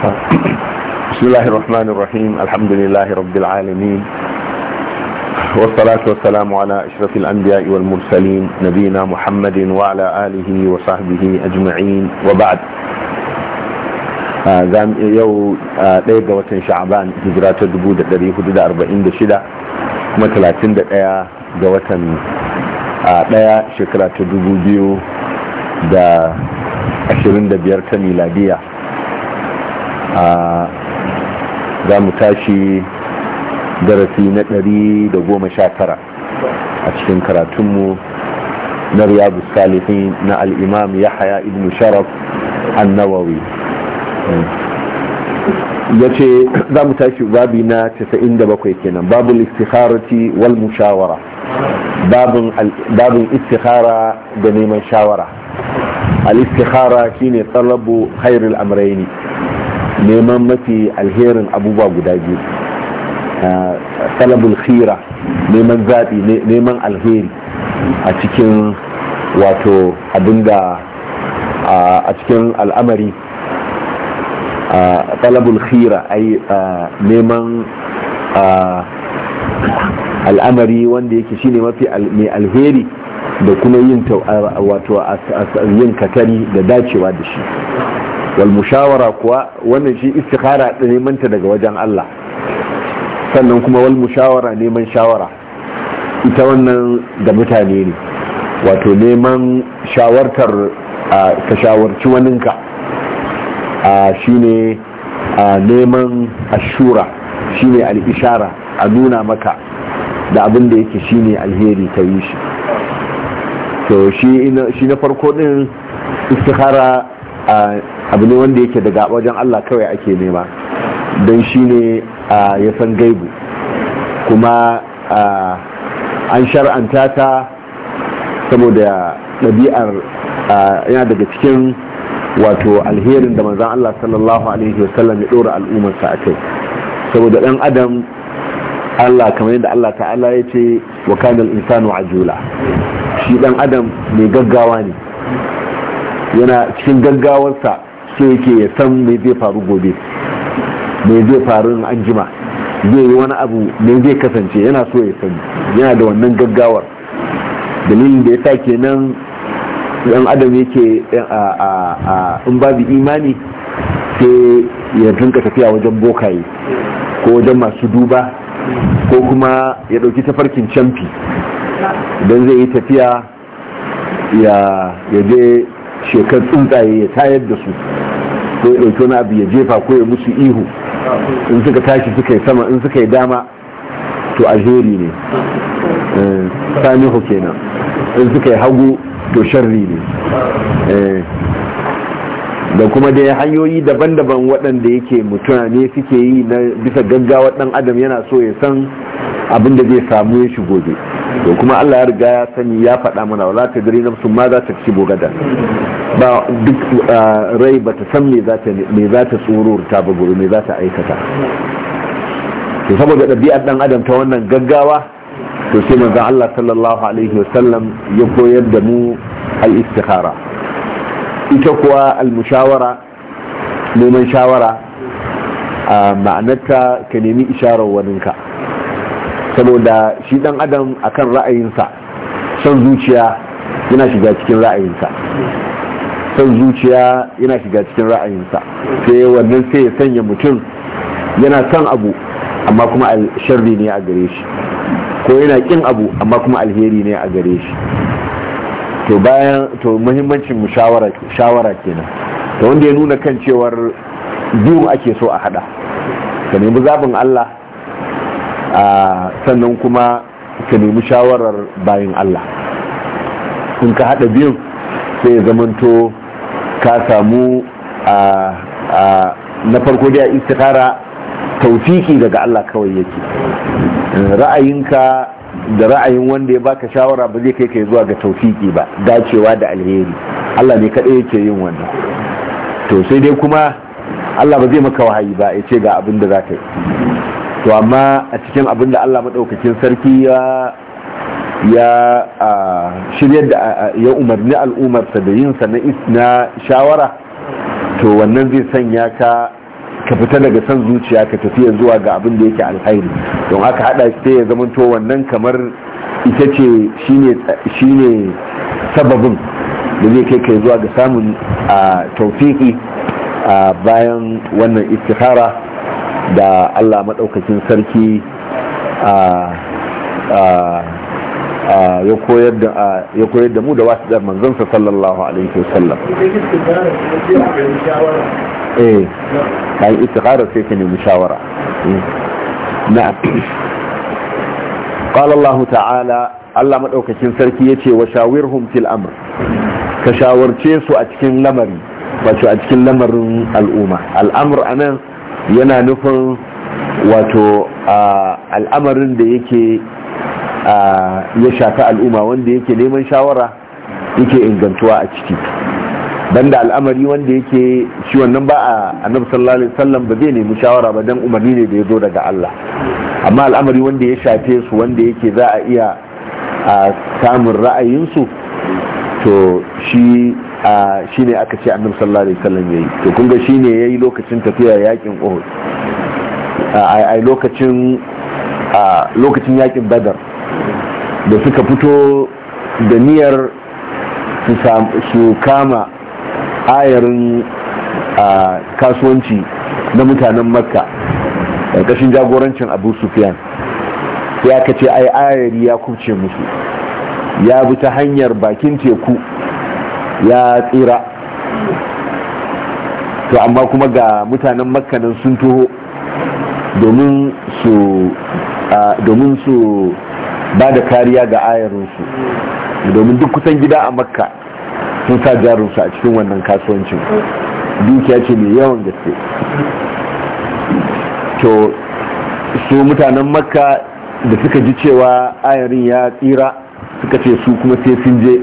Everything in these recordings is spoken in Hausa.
بسم الله الرحمن الرحيم الحمد لله رب العالمين والصلاة والسلام على أشرف الأنبياء والمرسلين نبينا محمد وعلى آله وصحبه أجمعين وبعد زام يو yau ɗaya ga watan sha'aban hijira ta 446 kuma 31 ga watan ɗaya shekara دا 2025 ta miladiya a za mu tashi darasi na 119 a cikin karatunmu na riyadu salihin na al'imam yahaya ibn sharaf an nawawi ya ce za mu tashi babi na 97 kenan babin istikharati wal mushawara babin istikhara da neman shawara al-istikhara shine talabu khairul amrayni neman mafi alherin abubuwa guda biyu ah, talabul khira neman zaɓi neman alheri a cikin wato abinda a cikin al'amari ah, talabul khira ai ah, neman al'amari wanda yake shi ne mafi mai alheri da kuma yin wato yin katari da dacewa da shi Walmushawara kuwa wannan shi istikhara neman ta daga wajen Allah sannan kuma wal mushawara neman shawara ita wannan da mutane ne wato neman shawartar ka shawarci waninka shine neman ashura shine al-ishara a nuna maka da abin da yake shine alheri ta yi shi to shi na farko din istikhara abu ne wanda yake daga wajen Allah kawai ake nema don shi ne ya san gaibu kuma an shar'anta ta saboda ɗabi'ar yana daga cikin wato alherin da manzan Allah sallallahu alaihi wasallam ya ɗora al'ummarsa a kai saboda ɗan adam Allah kamar yadda Allah ta'ala ya ce wa kanal insanu ajula shi ɗan adam mai gaggawa ne yana cikin gaggawarsa sai yake ya san me zai faru gobe me zai faru in an jima zai yi wani abu me zai kasance yana so ya sani yana da wannan gaggawar dalilin da ya sa kenan yan adam yake in babu imani sai ya rinka tafiya wajen bokaye ko wajen masu duba ko kuma ya dauki tafarkin camfi don zai yi tafiya ya je shekar tsuntsaye ya tayar da su Sai ya ɗauki wani abu ya jefa ko ya musu ihu in suka tashi suka yi sama in suka yi dama to alheri ne eh, sanihu kenan in suka yi hagu to sharri ne eh, da kuma dai hanyoyi daban-daban waɗanda yake ne suke yi na bisa gaggawa ɗan adam yana so ya san abin da zai samu ya shigo gobe to kuma Allah ya riga ya sani ya faɗa mana wala ta gari na ma za ta ci bogada ba duk rai ba ta san me za ta tsoro ta bugu ba me za ta aikata to saboda ɗabi'ar dan adam ta wannan gaggawa to sai manzon Allah sallallahu alaihi wasallam ya koyar da mu al-istikhara ita kuwa al-mushawara neman shawara a ma'anarta ka nemi isharar waninka saboda shi dan adam akan ra'ayinsa son zuciya yana shiga cikin ra'ayinsa son zuciya yana shiga cikin ra'ayinsa sai wannan sai ya sanya mutum yana son abu amma kuma sharri ne a gare shi ko yana kin abu amma kuma alheri ne a gare shi to bayan to muhimmancin shawara kenan to wanda ya nuna kan cewar biyu ake so a hada ka nemi zabin Allah sannan kuma ka nemi shawarar bayan Allah in ka haɗa biyun sai ya zamanto ka samu na farko da istikara taufiki daga Allah kawai yake ra'ayinka da ra'ayin wanda ya baka shawara ba zai kai ka zuwa ga taufiki ba dacewa da alheri Allah ne kaɗai yake yin wannan to sai dai kuma Allah ba zai maka wahayi ba ya ce ga abin da za ka yi to amma a cikin abinda Allah maɗaukakin sarki ya ya da ya umarni al'umarsa da yinsa na shawara to wannan zai sanya ka ka fita daga san zuciya ka tafiya zuwa ga abin da yake alhairi don aka hada sai ya zama to wannan kamar ita ce shine sababin da zai kai kai zuwa ga samun a a bayan wannan istihara da Allah maɗaukakin sarki ya koyar da mu da wasu dar manzansa sallallahu alaihi wasallam eh kai istikhara sai ka nemi shawara eh, na'am qala Allah ta'ala Allah maɗaukakin sarki yace wa shawirhum fil amr ka shawarce su a cikin lamari wato a cikin lamarin al'umma al'amr anan yana nufin wato al'amarin da yake ya shafi al'umma wanda yake neman shawara yake ingantuwa a ciki banda al'amari wanda yake shi wannan ba a annabi sallallahu alaihi wasallam ba zai nemi shawara ba dan umarni ne da ya zo daga Allah amma al'amari wanda ya shafe su wanda yake za a iya samun ra'ayinsu to shi a ne aka ce annabi sallallahu alaihi wasallam yayi to kun ga ne yayi lokacin tafiya yakin Uhud a lokacin a lokacin yakin Badar da suka fito da niyyar su kama ayarin kasuwanci na mutanen makka ƙarƙashin jagorancin abu sufyan Ya ka ce ai ya kubce musu ya bi ta hanyar bakin teku ya tsira to amma kuma ga mutanen makkanin sun toho domin su domin su ba da kariya ga ayarinsu domin duk kusan gida a makka sun sa jarinsu a cikin wannan kasuwancin dukiya ce mai yawan gaske to su mutanen makka da suka ji cewa ayarin ya tsira suka ce su kuma sai sun je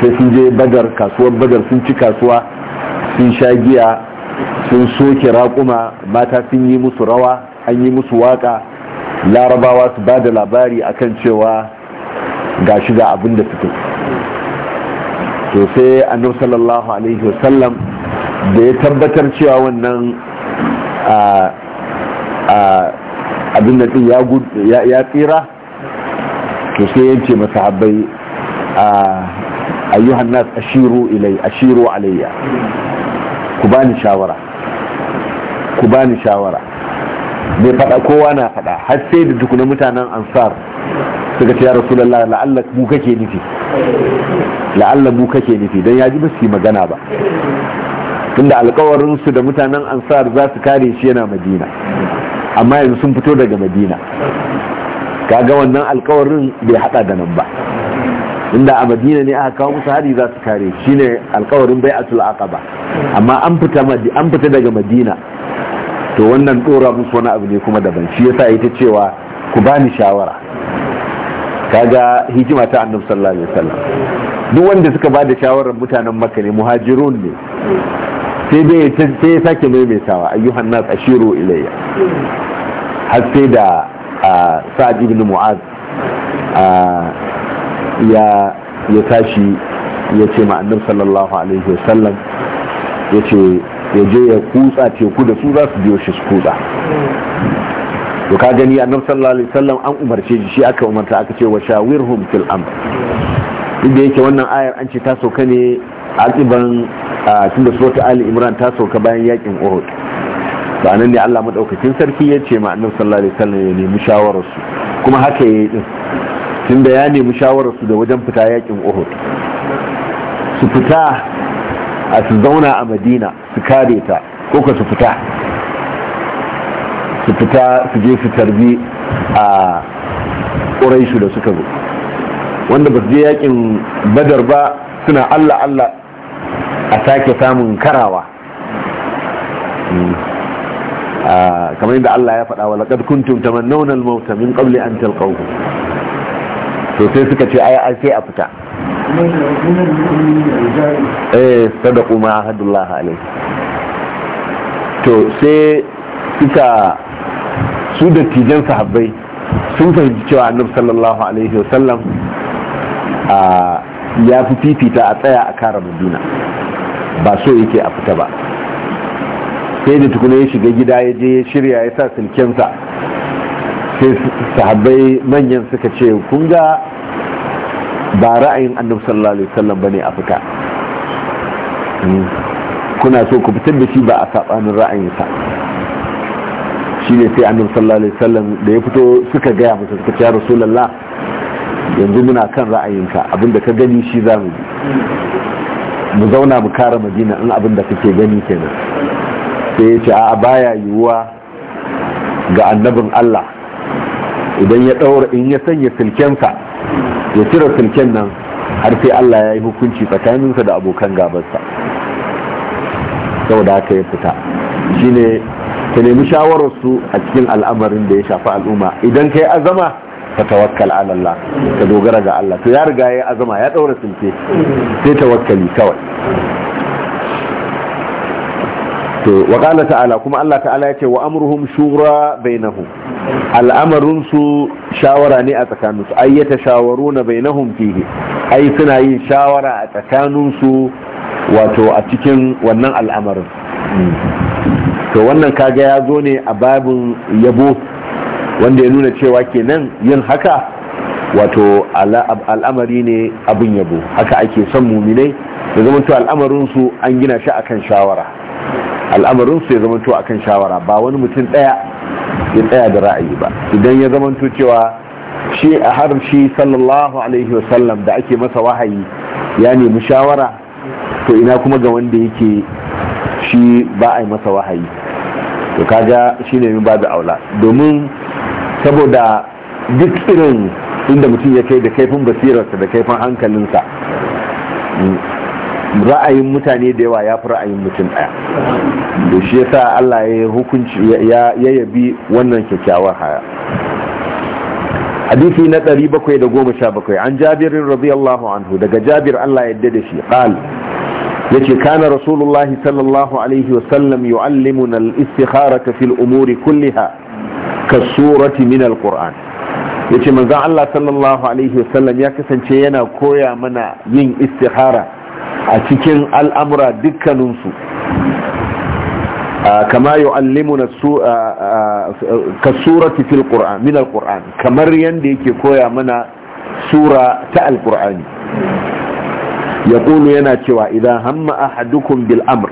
sai sun je badar kasuwar badar sun ci kasuwa sun sha giya sun soke raƙuma mata sun yi musu rawa an yi musu waka larabawa su ba da labari akan cewa ga shi da abin da suke to sai annabi sallallahu alaihi wasallam da ya tabbatar cewa wannan abin da din ya tsira to sai ya ce masahabbai a ayyuhan nas ashiru ilai ashiru alayya ku bani shawara ku bani shawara bai faɗa kowa na faɗa har sai da tukuna mutanen ansar suka ce ya rasulullahi la'alla mu kake nufi la'alla mu kake nufi don ya ji ba su yi magana ba tunda alkawarin su da mutanen ansar za su kare shi yana madina amma yanzu sun fito daga madina kaga wannan alkawarin bai hada da nan ba inda a madina ne aka kawo musu hari za su kare shine alkawarin a aqaba amma an fita an fita daga madina to wannan dora musu wani abu ne kuma daban shi yasa ta cewa ku bani shawara kaga hikima ta annabi sallallahu alaihi wasallam duk wanda suka bada shawarar mutanen makka ne muhajirun ne sai dai sai ya sake maimaitawa ayyuhan nas ashiru ilayya har sai da ah, sa'ad ibn mu'az ah, ya ya tashi ya ce ma annabi sallallahu alaihi wasallam ya ce ya je ya kutsa teku da su za su biyo shi su kutsa to ka gani annabi sallallahu alaihi wasallam an umarce shi shi aka umarta aka ce wa shawirhum fil amr inda yake wannan ayar an ce ta sauka ne a akiban tunda suratul ali imran ta sauka bayan yakin uhud ba nan ne Allah madaukakin sarki ya ce ma annabi sallallahu alaihi wasallam ya nemi shawararsu kuma haka yayi din da ya nemi shawararsu da wajen fita yakin uhud su fita a su zauna a madina su kare ta ko ka su fita su fita su je su tarbi a ƙuraishu da suka zo wanda ba su je yakin badar ba suna allah allah a sake samun karawa hmm. kamar yadda allah ya faɗa wa laƙad kuntum tamannawna al-mauta min qabli an talqawhu to sai suka ce ai sai a fita eh sadaqu ma hadullah alaihi to sai suka su dattijan sahabbai sun fahimci cewa annabi sallallahu alaihi wasallam ya fi fifita a tsaya a kara madina ba so yake a fita ba sai da tukuna ya shiga gida ya je ya shirya ya sa silkensa sai sahabbai manyan suka ce kun ga ba ra'ayin annabi sallallahu alaihi wasallam bane a fita hmm. kuna so ku fitar da shi ba a sabanin ra'ayinsa shine sai annabi sallallahu alaihi wasallam da ya fito suka gaya masa suka ce rasulullah yanzu muna kan ra'ayin ka abinda ka gani shi za mu mu zauna mu kare madina in abinda kake gani kenan sai ya ce a baya yiwuwa ga annabin Allah idan ya daura in ya sanya silkensa ya cire silken nan har sai Allah ya yi hukunci tsakaninsa da abokan gabarsa saboda haka ya fita shine ka nemi shawararsu a cikin al'amarin da ya shafi al'umma idan ka yi azama ka tawakkal ala Allah ka dogara ga Allah to ya riga ya azama ya daura silke sai tawakkali kawai to wa qala ta'ala kuma Allah ta'ala yace wa amruhum shura bainahum al'amrun su shawara ne a tsakanin su ay yatashawaruna bainahum fihi ai suna yin shawara a tsakanin su wato a cikin wannan al'amarin to wannan kaga ya zo ne a babin yabo wanda ya nuna cewa kenan yin haka wato al'amari ne abin yabo haka ake son muminai da zama to al'amarin su an gina shi akan shawara al'amarin su ya zamanto kan shawara ba wani mutum ɗaya, ya tsaya da ra'ayi ba idan ya zamanto cewa shi a har shi sallallahu alaihi wasallam da ake masa wahayi ya nemi shawara to ina kuma ga wanda yake shi ba a yi masa wahayi to kaga shi ne min babu aula domin saboda duk irin inda mutum ya kai da kaifin basirarsa da kaifin hankalinsa ra'ayin mutane da yawa ya fi ra'ayin mutum ɗaya da shi yasa Allah ya hukunci ya yabi wannan kyakkyawar haya hadisi na 717 an jabirin radiyallahu anhu daga jabir Allah ya yadda da shi qal yace kana rasulullahi sallallahu alaihi wa sallam yu'allimuna al-istikharata fil umuri kulliha surati min al-qur'an yace manzon Allah sallallahu alaihi wa sallam ya kasance yana koya mana yin istikhara a cikin al'amura dukkaninsu ah, kama yu'allimuna ah, ah, ka ta fil min kamar yadda yake koya mana sura ta al ya yaqulu yana cewa idan hamma a bil bil'amur,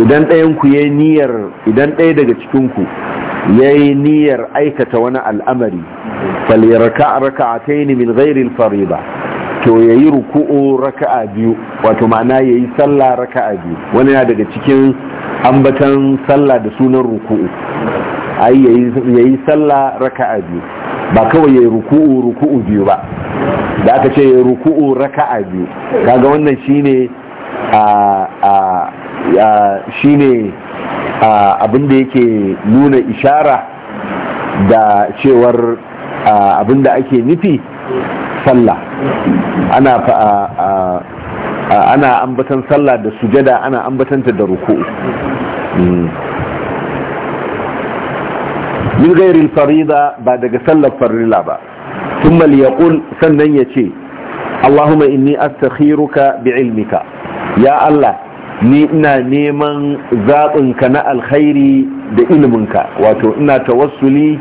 idan ɗayanku ya yi niyyar idan ɗaya daga cikinku ya yayi niyyar aikata wani al'amari falyarka ni min gairin al to ya yi ruku'u raka'a biyu wato ma'ana ya yi sallah raka'a biyu wani na daga cikin ambatan sallah da sunan ruku'u ai ya yi sallah raka'a biyu ba kawai ya yi ruku'u ruku'u biyu ba da aka ce ya yi ruku'u raka'a biyu kaga wannan shine a shine abin da yake nuna ishara da cewar abin da ake nufi sallah ana ana ambatan sallah da sujada ana ambatanta da ruku'u hmm. min gairi farida ba daga sallar farila ba ثم ليقول sannan ya yace Allahumma inni astakhiruka bi'ilmika ya Allah ni ina neman zaɓinka na alkhairi da iliminka wato ina tawassuli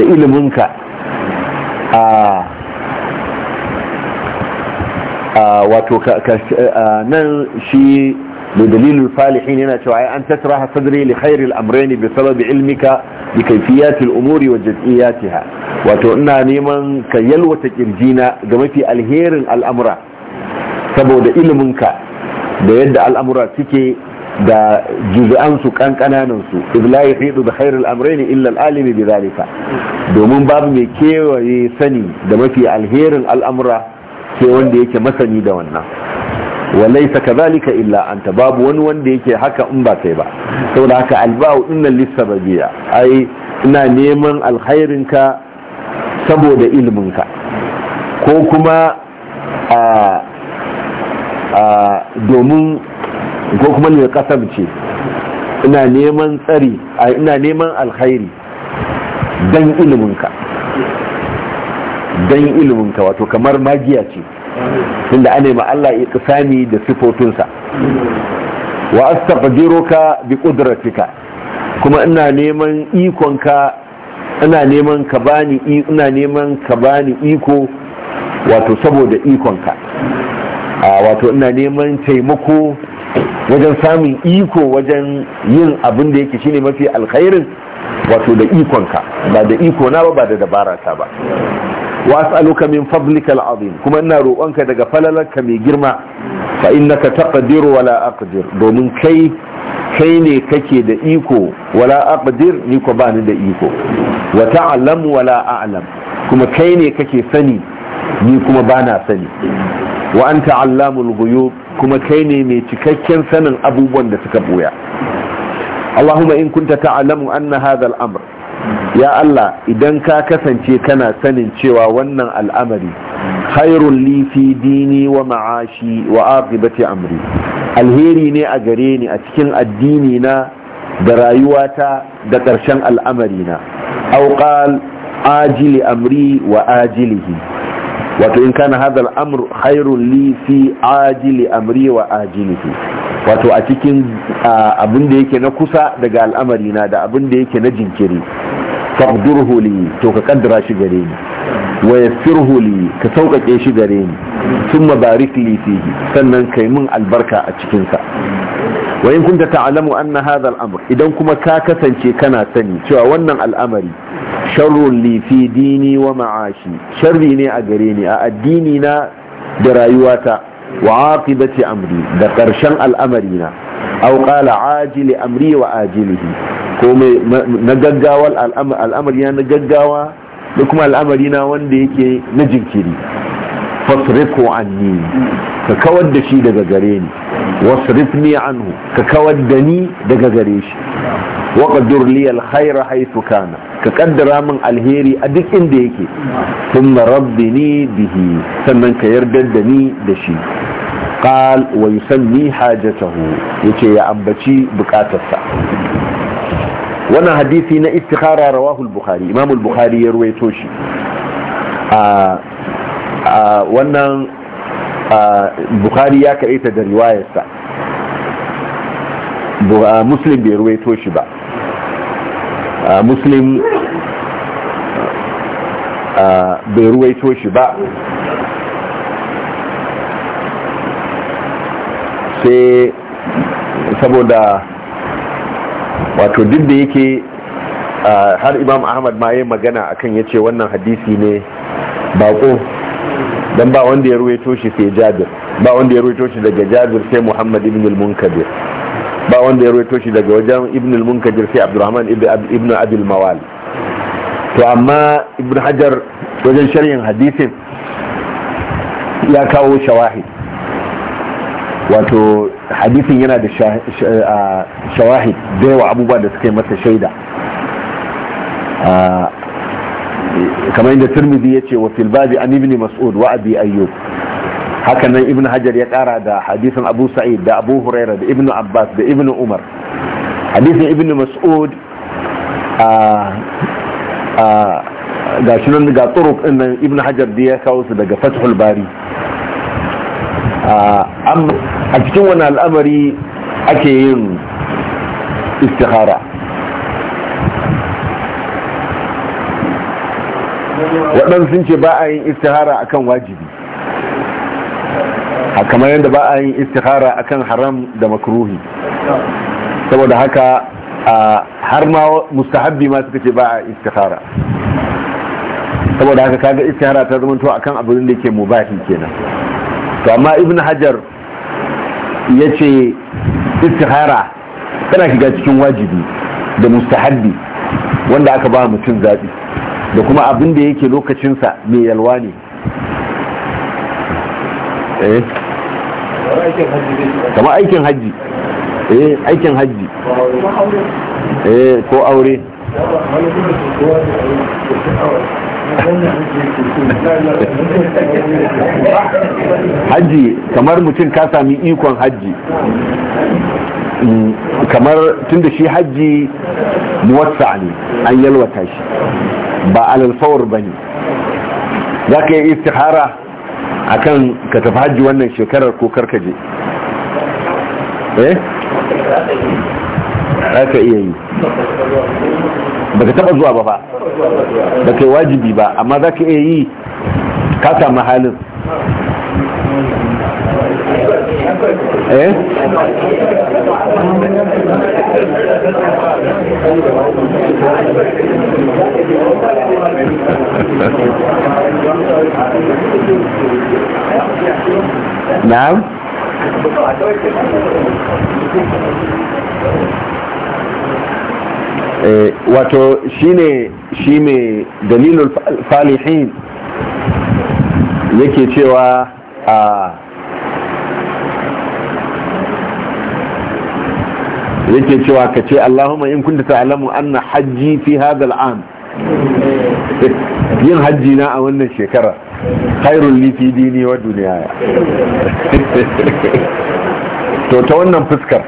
da iliminka a ah. wato nan shi da dalilin salihin yana cewa ai an ha sadri li al-amrayn bi sababi ilmika bi kayfiyati al-umuri wa jaz'iyatiha wato ina neman ka yalwata kirjina ga mafi alherin al'amura saboda iliminka da yadda al'amura suke da su kankananan su iz la yahidu bi al-amrayn illa al-alim bi dhalika domin babu mai kewaye sani da mafi alherin al'amura sai wanda yake masani da wannan walaysa kadhalika illa anta babu wani wanda yake haka in ba sai ba saboda haka alba'u inna lisabiyya ai ina neman ka saboda ilminka ko kuma a a domin ko kuma ne ce ina neman tsari ina neman alkhairi dan ilminka Dan ilimin wato kamar magiya ce tunda ana ma Allah ya sami da sifofinsa wa astaghfiruka bi qudratika kuma ina neman ikon ka ina neman ka bani ina neman ka bani iko wato saboda ikon wato ina neman taimako wajen samun iko wajen yin abin da yake shine mafi alkhairin wato da ikonka ba da iko na ba ba da dabara ta ba واسالك من فضلك العظيم كما ان روقنك daga falalarka mai girma fa innaka taqdir wala aqdir domin kai kai ne kake da iko wala aqdir ni ko bani da iko wa ta'lam wala a'lam kuma kai ne kake sani ni kuma bana sani wa anta allamul ghuyub kuma kai ne mai cikakken sanin abubuwan da suka boya اللهم إن كنت تعلم أن هذا الأمر ya Allah idan ka kasance kana sanin cewa wannan al'amari khairun li fi dini wa ma'ashi wa aqibati amri alheri ne a gare ni a cikin addini na da rayuwata da ƙarshen al'amari na auqal ajili amri wa ajilihi wato in kana hadal amr khairu li fi ajili amri wa wato a cikin abin da yake na kusa daga al'amari na da abin da yake na jinkiri faqdurhu li to ka kaddara shi gare ni wa yassirhu li ka sauƙaƙe shi gare ni thumma barik li fihi sannan kai mun albarka a cikin sa wa in kunta ta'lamu anna hadha al-amr idan kuma ka kasance kana sani cewa wannan al'amari sharrun li fi dini wa ma'ashi sharri ne a gare ni a addini na da rayuwata wa aqibati amri da karshen al'amari na aw qala ajili amri wa ajilihi ko na gaggawa al'amari na gaggawa da kuma al'amari na wanda yake na jinkiri fasrifu anni ka kawar da shi daga gare ni Wasu wasrifni anhu ka kawar da ni daga gare shi waka qaddur alkhaira alkhayra kana ka kaddara min alheri a duk inda yake thumma rabbini bihi sannan ka yarda da ni da shi qal wa yusammi hajatahu yace ya ambaci bukatarsa wannan hadisi na istikhara rawahu al-bukhari imam bukhari ya ruwaito shi a wannan bukhari ya ta da riwayarsa muslim bai ruwaito shi ba muslim bai ruwaito shi ba sai saboda wato duk da yake har imam ahmad ma yi magana akan ya ce wannan hadisi ne bako dan ba wanda ya ruwaito shi sai jabir ba wanda ya ruwaito shi daga jabir sai muhammad ibn al-munkadir ba wanda ya ruwaito shi daga wajen ibn al-munkadir sai abdurrahman ibn abil mawal to amma ibn hajar wajen sharhin hadisin ya kawo shawahid wato hadisin yana da shawahid da yawa abubuwa da suka yi masa shaida kamar inda turmidi ya ce wa filbabi an ibni mas'ud wa abi ayyub hakanan ibn hajar ya kara da hadisin abu sa'id da abu huraira da ibn abbas da ibn umar hadisin ibn mas'ud ga shi nan ga turuk nan ibn hajar da ya kawo su daga fathul bari a cikin wani al'amari ake yin istihara waɗansu sun ce ba a yin istihara kan wajibi a kamar yadda ba a yin istihara kan haram da makaruhi. saboda haka har ma mustahabbi ma suka ce ba a istihara saboda haka kaga istihara ta zama to kan abin da ke mubahi kenan to amma ibn hajar ya ce istihara tana shiga cikin wajibi da mustahabbi wanda aka ba mutum zaɓi da kuma abin da yake lokacinsa mai yalwa ne eh? kama aikin hajji eh aikin hajji eh ko aure hajji kamar mutum ka sami ikon hajji mm, kamar tunda shi hajji muwatsa ne an yalwata shi ba alalfawar ba ne za ka yi istihara a kan ka tafi hajji wannan shekarar ko karkaje eh za ka iya yi ba ka taba zuwa ba ba ba ka yi wajibi ba amma za ka iya yi ka samu halin eh نعم eh, wato shine shi ne dalilul falihin yake cewa a ah, yake cewa ka ce Allahumma in kunta ta'lamu anna hajji fi hadha al'am yin hajji na a wannan shekara khairul li fi dini wa dunyaya to ta wannan fuskar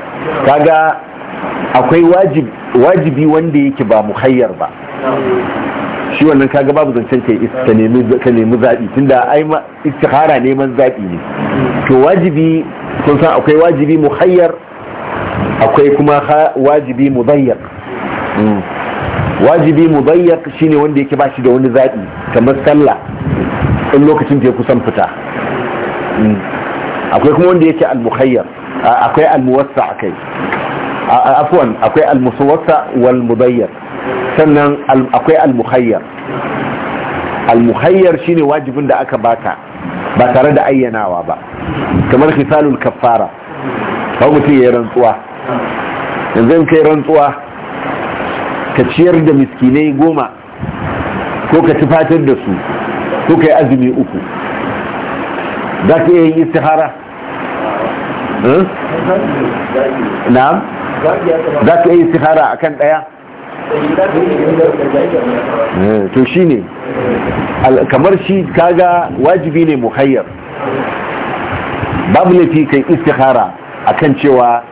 kaga akwai wajibi wanda yake ba muhayyar ba shi wannan kaga babu zancen ka nemi ka nemi zabi tunda ai istikhara neman zabi ne to wajibi kun san akwai wajibi muhayyar akwai kuma wajibi mudayyak mm. wajibi mudayyak shine wanda yake bashi da wani zaɓi kamar sallah in lokacin da ya kusan fita mm. akwai kuma wanda yake al-mukhayyar akwai al-muwassa akai afwan akwai al-muwassa wal mudayyak sannan akwai al-mukhayyar al-mukhayyar shine wajibin da aka baka ba tare da ayyanawa ba kamar khisalul kaffara ba mutum ya rantsuwa yanzu kai rantsuwa ka ciyar da miskinai goma ko ka tufatar da su ko ka yi azumi uku za ka iya yin istihara hmm? na'am za eh, ka yi istihara a kan ɗaya to shi ne kamar shi kaga wajibi ne muhayyar babu laifi kai istihara akan cewa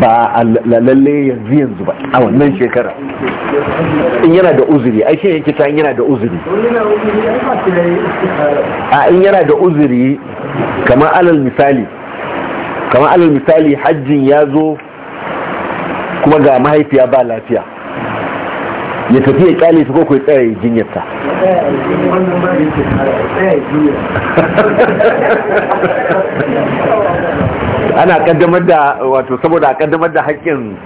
ba a lalle yanzu yanzu ba a wannan shekara in yana da uzuri ai shi yake ta in yana da uzuri a in yana da uzuri kamar alal misali kamar alal misali hajjin ya zo kuma ga mahaifiya ba lafiya ya tafi ya kyale ta koko ya tsaya ya jinyarta ana kaddamar da wato saboda a kaddamar da haƙƙin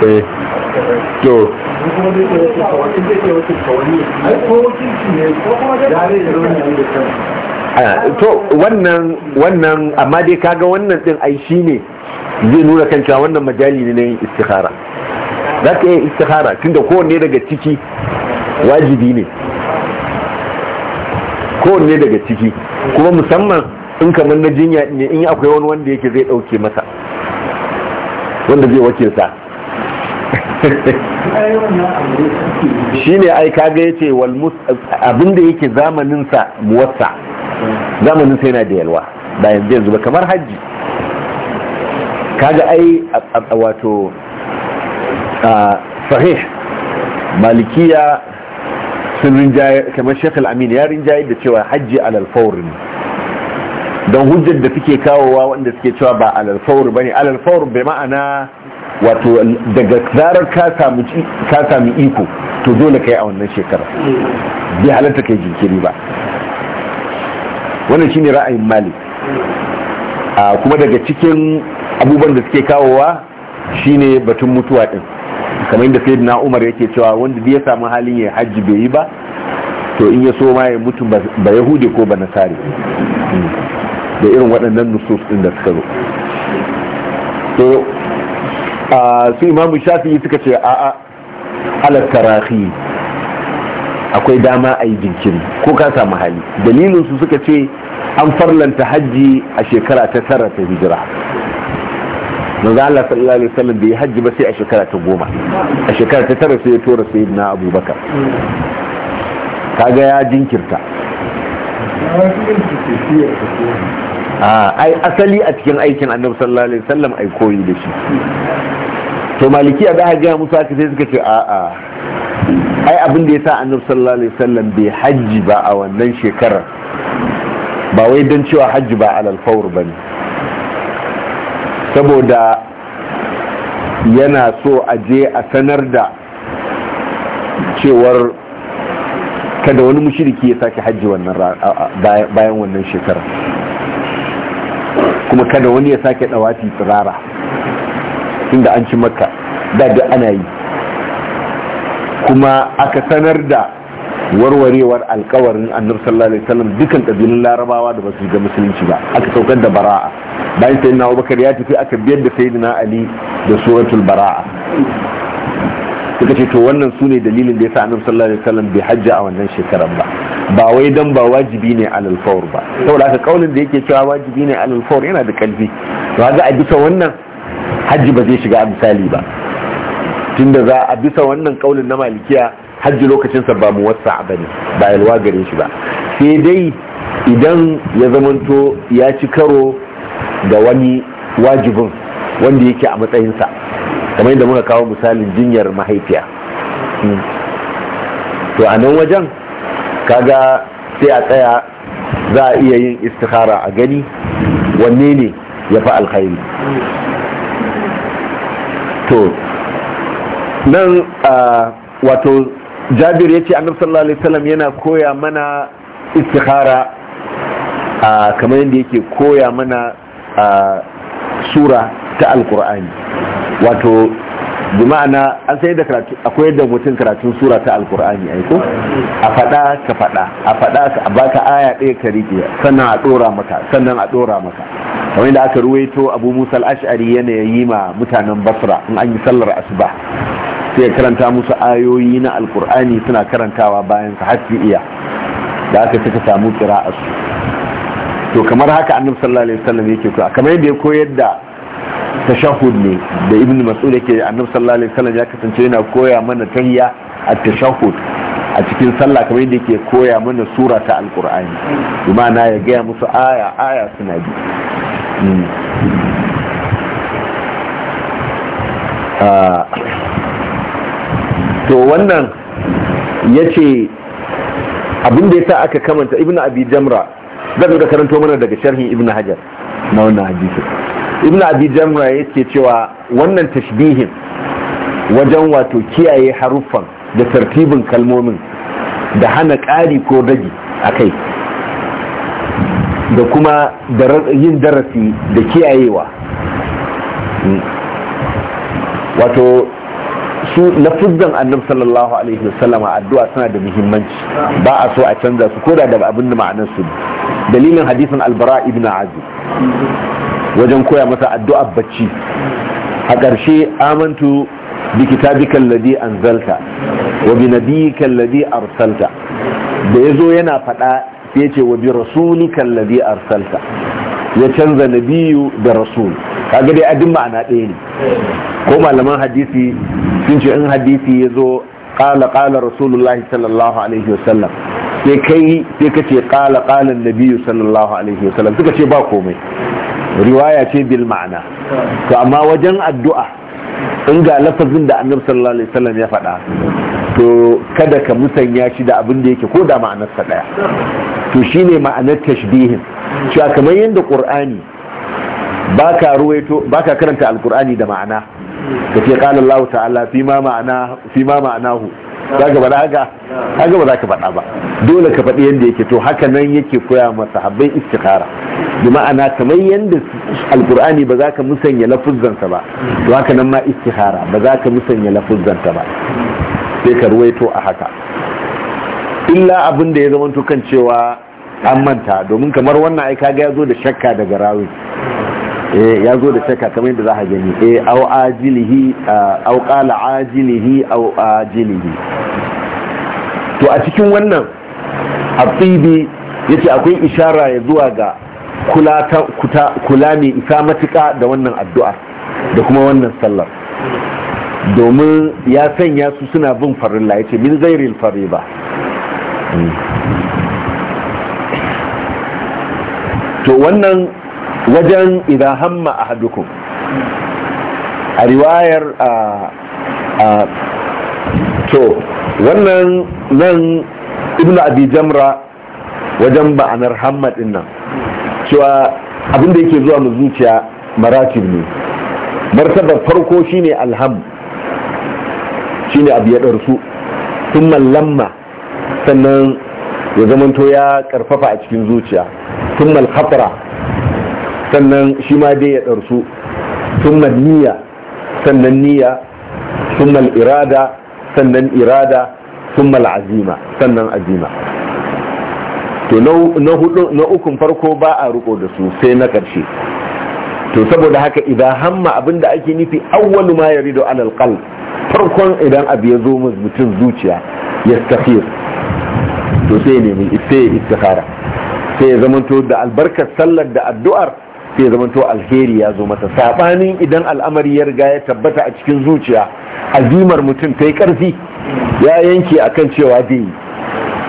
eh, to ah, to wannan wannan amma dai kaga wannan din ai shine zai nuna kan cewa wannan majali ne na yin istikhara za ka yi istikhara tunda kowanne daga ciki wajibi ne kowanne daga ciki kuma musamman in kamar na jinya ne in akwai wani wanda yake zai dauke masa wanda zai wakilta shi ne ai kaga ya ce abinda yake zamaninsa muwassa zamaninsa yana da yalwa bayan yanzu yanzu ba kamar hajji kaga ai a wato sahih malikiya sun rinjaye kamar shekul amin ya rinjaye da cewa hajji alalfawar ne don hujjar da suke kawowa wanda suke cewa ba alal ba bane alal bai ma'ana wato daga zarar ka samu iko to dole kai a wannan shekara bi halatta kai jinkiri ba wannan shine ra'ayin mali. a kuma daga cikin abubuwan da suke kawowa shine batun mutuwa din kamar yadda na Umar yake cewa wanda ya samu halin ya hajji bai yi ba to in ya so ma ya mutu ba yahudi ko ba nasari hmm. da irin waɗannan nusus ɗin da suka zo to a su imamu shafi'i suka ce a a alat tarahi akwai dama a yi jinkiri ko ka samu hali dalilin su suka ce an farlanta hajji a shekara ta tara ta hijira manzo Allah sallallahu alaihi wasallam bai hajji ba sai a shekara ta goma a shekara ta tara sai ya tura sayyidina Abubakar kaga ya jinkirta ai asali a cikin aikin annabi sallallahu alaihi wasallam ai koyi da shi to maliki da hajji musa Musa sai suka ce a ai abin da ya sa annabi sallallahu alaihi wasallam bai hajji ba a wannan shekarar ba wai don cewa hajji ba alal fawr bane saboda yana so a je a sanar da cewar kada wani mushriki ya sake hajji wannan bayan wannan shekarar kuma kada wani ya sake dawafi tsirara inda an ci maka, da ana yi kuma aka sanar da warwarewar alkawarin annar sallallahu alaihi wasallam dukan kabilun larabawa da basu ga musulunci ba aka saukar da bara'a bayan sai na abubakar ya tafi aka biyar da sayyidina ali da suratul bara'a suka ce to wannan su ne dalilin da yasa sa sallallahu alaihi wasallam bai hajja a wannan shekarar ba ba wai dan ba wajibi ne alal fawr ba saboda haka kaulin da yake cewa wajibi ne alal fawr yana da kalbi to ga a bisa wannan hajji ba zai shiga misali ba tunda za a bisa wannan kaulin na malikiya hajji lokacin sa ba muwassa bane ba yalwa gare shi ba sai dai idan ya zamanto ya ci karo da wani wajibin wanda yake a matsayinsa kamar yadda muka kawo misalin jinyar mahaifiya hmm. to a nan wajen kaga sai a tsaya za a iya yin istikhara a gani wanne ne ya fi alkhairi to nan wato jabir ya ce annabi sallallahu alaihi wasallam yana koya mana istikhara kamar yadda yake koya mana a sura ta alkur'ani wato bi ma'ana an sai da karatu akwai da mutum karatun sura ta alkur'ani ai ko a fada ka fada a fada ka baka aya ɗaya ka rike sannan a dora maka sannan a dora maka kamar da aka ruwaito abu musa al-ash'ari yana yi ma mutanen basra in an yi sallar asuba sai karanta musu ayoyi na alkur'ani suna karantawa bayan ka har iya da aka suka samu qira'atu to kamar haka annabi sallallahu alaihi wasallam yake ko kamar yadda ya koyar da tashahud ne da ibn mas'ud yake annabi sallallahu alaihi wasallam ya kasance yana koya mana tahiyya a tashahud a cikin sallah kamar yadda yake koya mana sura ta alqur'ani imana ya gaya musu aya aya suna bi hmm. ah. to wannan yace abin da yasa aka kamanta ibn abi jamra zan ga karanto mana daga sharhin ibnu hajar na wannan hadisi ibn abi jamra yake cewa wannan tashbihin wajen wato kiyaye haruffan da tartibin kalmomin da hana ƙari ko rage a kai da kuma yin darasi da kiyayewa wato su lafizan annab sallallahu alaihi wasallama addu'a suna da muhimmanci ba a so a canza su koda da abin da ma'anar su dalilin hadisin albara ibn azib wajen koya masa addu'ar bacci a ƙarshe amantu bi kitabikan ladi anzalta wa bi nabiyikan ladi arsalta da ya zo yana faɗa sai ce wa bi rasulikan ladi arsalta ya canza nabiyu da rasul kaga dai adin ma'ana ɗaya ne ko malaman hadisi sun ce in hadisi ya zo ƙala ƙala rasulullahi sallallahu alaihi wasallam sai kai sai ka ce ƙala qala nabi sallallahu alaihi wasallam suka ce ba komai riwaya ce bil ma'ana to amma wajen addu'a in ga lafazin da annabi sallallahu alaihi wasallam ya faɗa to kada ka musanya shi da abin da yake ko da ma'anarsa daya to shine ma'anar tashbihin cewa kamar yadda qur'ani baka ruwaito baka karanta alqur'ani da ma'ana kace qala Allah ta'ala fi ma ma'ana fi ma ma'anahu za ka haka haka ba za ka faɗa ba dole ka faɗi yadda yake to haka nan yake koya masa habbai istikhara bi ma'ana kamar yadda alkur'ani ba za ka musanya lafuzzansa ba to haka nan ma istikhara ba za ka musanya lafuzzanta ba sai ka ruwaito a haka illa abin da ya zama kan cewa an manta domin kamar wannan ai kaga ya zo da shakka daga rawin. eh ya zo da shakka kamar yadda za ka gani eh au ajilihi au qala ajilihi au ajilihi to a cikin wannan abtibi yace akwai ishara ya zuwa ga kula ta kula mai isa matuka da wannan addu'a da kuma wannan sallar domin ya sanya su suna bin farilla yace min zairil fariba hmm. to wannan wajen idan hamma a ahadukum a riwayar a to wannan nan ibn abi jamra wajen ba'anar Hamma din nan cewa abinda yake zuwa mu zuciya maratib ne martabar farko shine alham shine abu ya ɗarsu tun mallamma sannan ya zamanto ya karfafa a cikin zuciya tun al sannan shi ma dai ya ɗarsu summa niyya sannan niyya summa irada sannan irada summa azima sannan azima to na hudu na ukun farko ba a riko da su sai na ƙarshe to saboda haka idan hamma abinda ake nufi awwalu ma yarido alal qalb farkon idan abu ya zo mutum zuciya ya stafir to sai ne mai sai istikhara sai ya zama to da albarkar sallar da addu'ar sai zama to alheri ya zo masa sabanin idan al'amari ya riga ya tabbata a cikin zuciya azimar mutum ta yi karfi ya yanke akan cewa zai yi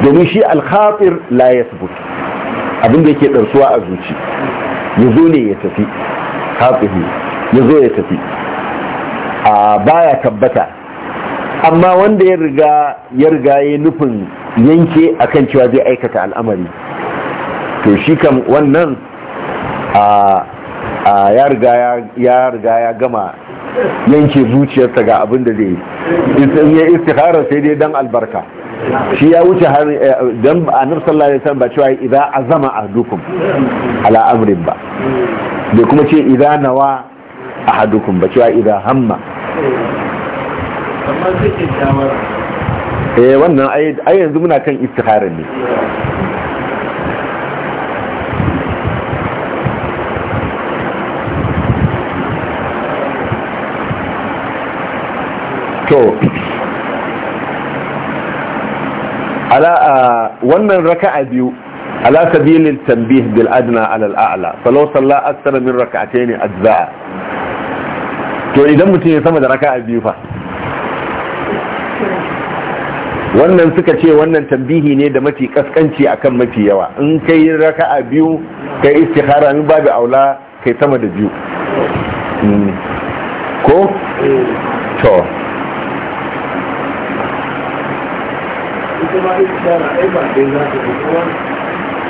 domin shi alhafir la ya abin da yake ɗarsuwa a zuci ya zo ne ya tafi hafihi ya zo ya tafi a baya tabbata amma wanda ya riga ya riga ya nufin yanke akan cewa zai aikata al'amari to shi kam wannan a ya riga ya gama yanke zuciyarsa ga abin da zai yi ya istihara sai dai dan albarka shi ya wuce har eh, dan a sallallahu alaihi san ba cewa a zama a dukun al'amurin ba da kuma ce idan nawa hadukun ba cewa idan hamma eh wannan a yanzu muna kan istihara ne to ala wannan raka'a biyu ala sabilin tambih bil adna ala al'a'la falau salla aksara min raka'atayn ajza'a to idan mutum ya sama da raka'a biyu fa wannan suka ce wannan tambihi ne da mafi kaskanci akan mafi yawa in kai raka'a biyu kai istikhara in babu aula kai sama da biyu hmm. ko to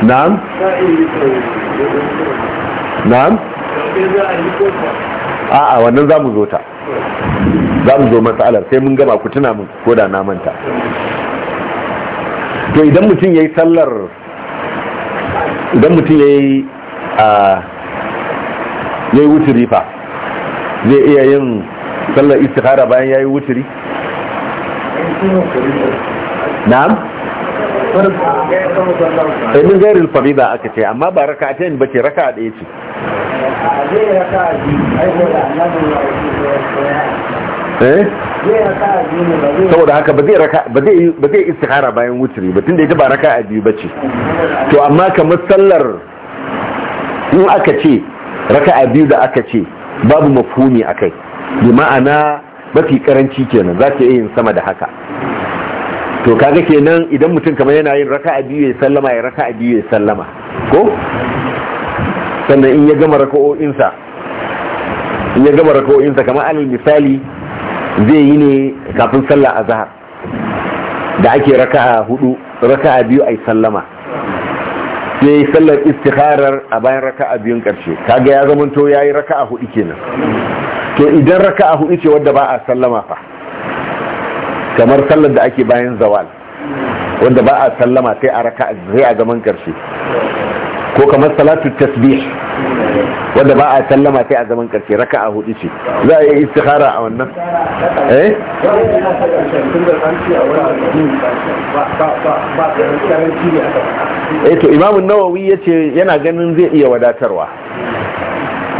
na'am na'am a'a wannan za mu zo ta za mu zo matsalar sai mun gama ku tuna mun ko da na manta to idan mutum ya yi idan mutum ya yi a ya yi wuturi fa zai iya yin sallar istihara bayan ya yi wuturi na'am sai min gairil farida aka ce amma ba raka ta yin bace raka ɗaya ce eh? saboda haka ba zai istihara bayan wuturi ba tun da ita ba raka a biyu bace to amma kamar sallar in aka ce raka a biyu da aka ce babu a kai, bi ma'ana mafi karanci kenan za ta iya yin sama da haka to kaga kenan idan mutum kamar yana yin raka'a biyu ya sallama ya raka'a biyu ya sallama ko sannan in ya gama raka'o'insa in ya gama raka'o'insa kamar alal misali zai yi ne kafin sallar azhar da ake raka'a hudu raka'a biyu ai sallama sai sallar istikharar a bayan raka'a biyun karshe kaga ya zamanto yayi raka'a hudu kenan to idan raka'a hudu ce wadda ba a sallama fa kamar sallar da ake bayan zawal wanda ba a sallama sai a raka sai a zaman karshe ko kamar salatu tasbih wanda ba a sallama sai a zaman karshe raka a hudu ce za a yi istikhara a wannan eh eh to imamu nawawi yace yana ganin zai iya wadatarwa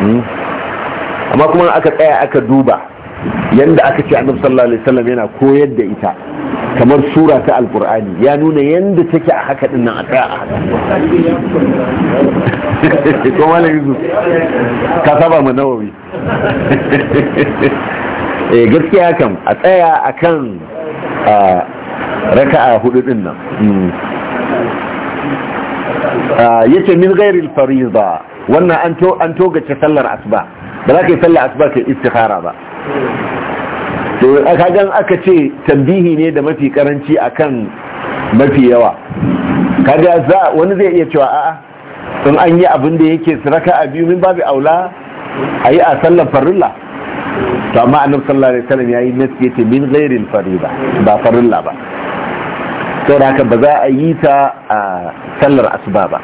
hmm? amma kuma aka tsaya aka duba yanda aka ce annabi sallallahu alaihi wasallam yana koyar da ita kamar sura ta alqur'ani ya nuna yadda take a haka din nan a tsaya a haka ko wala yuzu ka saba mu nawawi eh gaskiya kam a tsaya akan raka'a hudu din nan hmm. yace min ghairi al-fariida wannan an to an toga sallar asuba ba za ka yi sallar asuba ka istikhara ba to kagan aka ce tambihi ne da mafi karanci akan mafi yawa kaga za wani zai iya cewa a'a in an yi abin da yake suraka a biyu min babu aula a yi a sallar farilla to amma annab sallallahu alaihi wasallam yayi nasi ce min ghairil farida ba farilla ba Sau haka ba za a yi ta a sallar asuba ba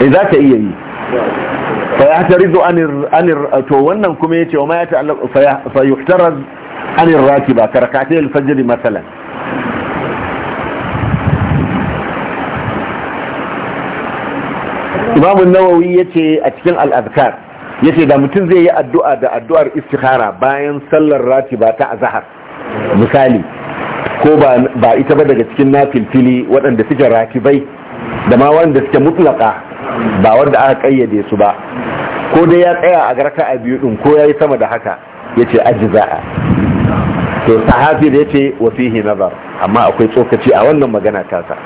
E za ta iya yi فيعترض ya tarizu anir wannan kuma yace wa ma ya ta'allaq fa yuhtaraz ar rakiba karakatay al-fajr masalan Imam an-Nawawi yace a cikin al-azkar yace da mutum zai yi addu'a da addu'ar istikhara bayan sallar ratiba ta azhar misali ko ba ita ba daga cikin nafilfili waɗanda suke rakibai da ma wanda suke mutlaka ba wanda aka kayyade su ba ko dai ya tsaya a garka a biyu din ko yayi sama da haka yace ajza'a to sahabi da yace wa fihi nazar amma akwai tsokaci a wannan magana ta sa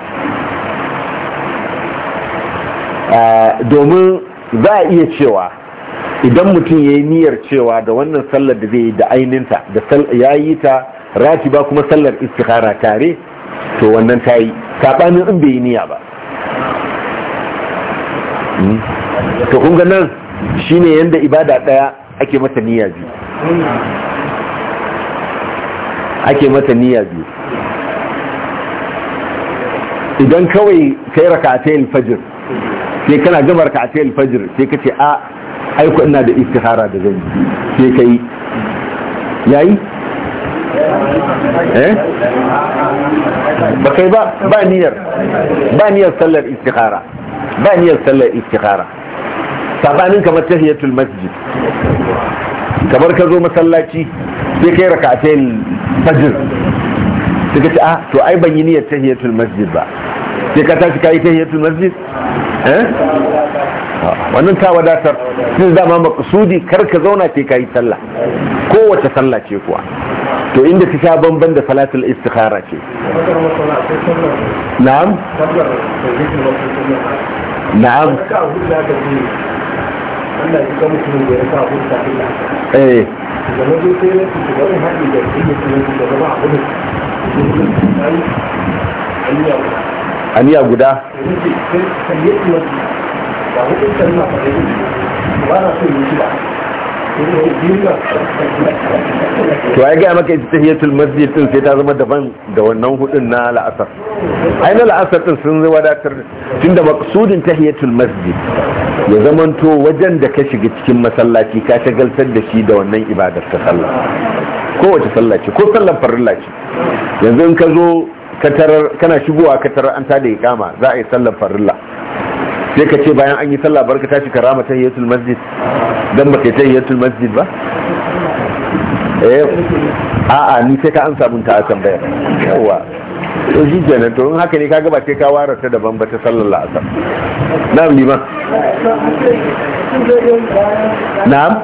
domin za a iya cewa idan mutum ya yi niyyar cewa da wannan sallar da zai yi da aininta da ya yi ta rati ba kuma sallar istikhara tare to wannan ta yi saɓanin in bai yi niyya ba Hmm? to kunga nan shine yanda ibada daya ake mata niyya biyu ake mata niyya biyu idan kawai kai raka'atayil fajr sai kana gama raka'atayil fajr sai kace a aiko ina da istihara da zan yi sai kai yayi eh ba kai ba ba niyyar ba niyyar sallar istikhara ba niyyar sallar istikhara sabanin kamar tahiyatul masjid kamar ka zo masallaci sai kai rak'atayn fajr sai ka ce ah to ai ban yi niyyar tahiyatul masjid ba sai ka tashi kai tahiyatul masjid eh wannan ta wadatar sai zama maqsudi kar ka zauna sai kai sallah kowace sallah ce kuwa to inda ta sha bamban da salatul istikhara ce na'am na'am eh aniya guda ba to ai ga maka ita tahiyatul masjid din sai ta zama daban da wannan hudun na la'asar ai na la'asar din sun wadatar tunda maqsudin tahiyatul masjid ya zamanto wajen da ka shiga cikin masallaci ka shagaltar da shi da wannan ibadar ta sallah kowace sallah ce ko sallar farilla ce yanzu in ka zo kana shigowa ka tarar an tada kama za a yi sallar farilla sai ka ce bayan an yi sallah barka tashi karama ta hiyatul masjid dan ba ta hiyatul masjid ba eh a'a ni sai ka an sabunta a bayan yawa to shi kenan to in haka ne k'a gaba ce ka ware ta daban ba ta sallar la'asar na'am ma. na'am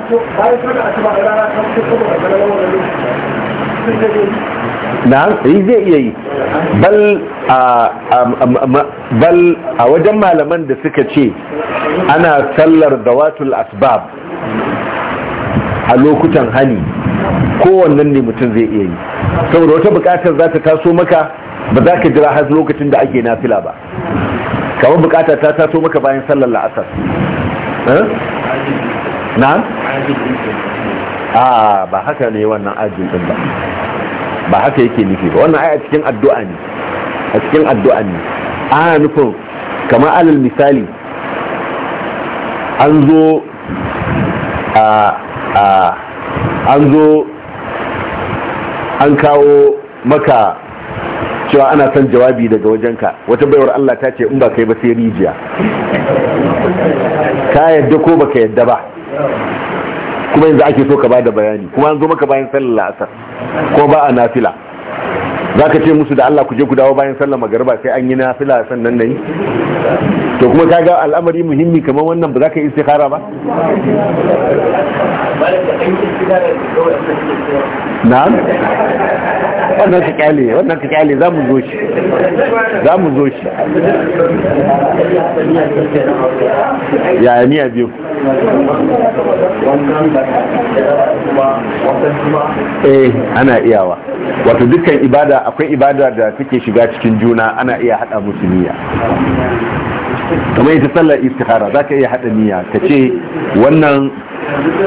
na yi zai iya yi bal a wajen malaman da suka ce ana sallar dawatul asbab a lokutan hani kowannan ne mutum zai iya yi saboda wata bukatar za ta taso maka ba za ka jira har lokacin da ake nafila ba kamar bukatar ta taso maka bayan sallar la'asar eh? na? a ah, ba haka ne wannan ajin din ba ba haka yake nufi ba wannan ai a cikin addu'a ne a cikin addu'a ne ana nufin kama alal misali an zo a a an zo an kawo maka cewa ana son jawabi daga wajenka wata baiwar Allah ta ce in ba kai ba sai rijiya ka yadda ko baka yadda ba kuma yanzu ake so ka bada bayani kuma an zo maka bayan sallar asar ko ba a nafila za ka ce musu da Allah ku je ku dawo bayan sallar magariba sai an yi na fila sannan na yi to kuma ka ga al'amari muhimmi kamar wannan ba za ka yi istikhara ba na'am wannan ka kyale wannan ka kyale za mu zo shi za mu zo shi yaya niya biyu eh ana iyawa wato dukkan ibada akwai ibada da take shiga cikin juna ana iya hada musu niyya kamar ita sallar istikhara za ka iya hada niyya ka ce wannan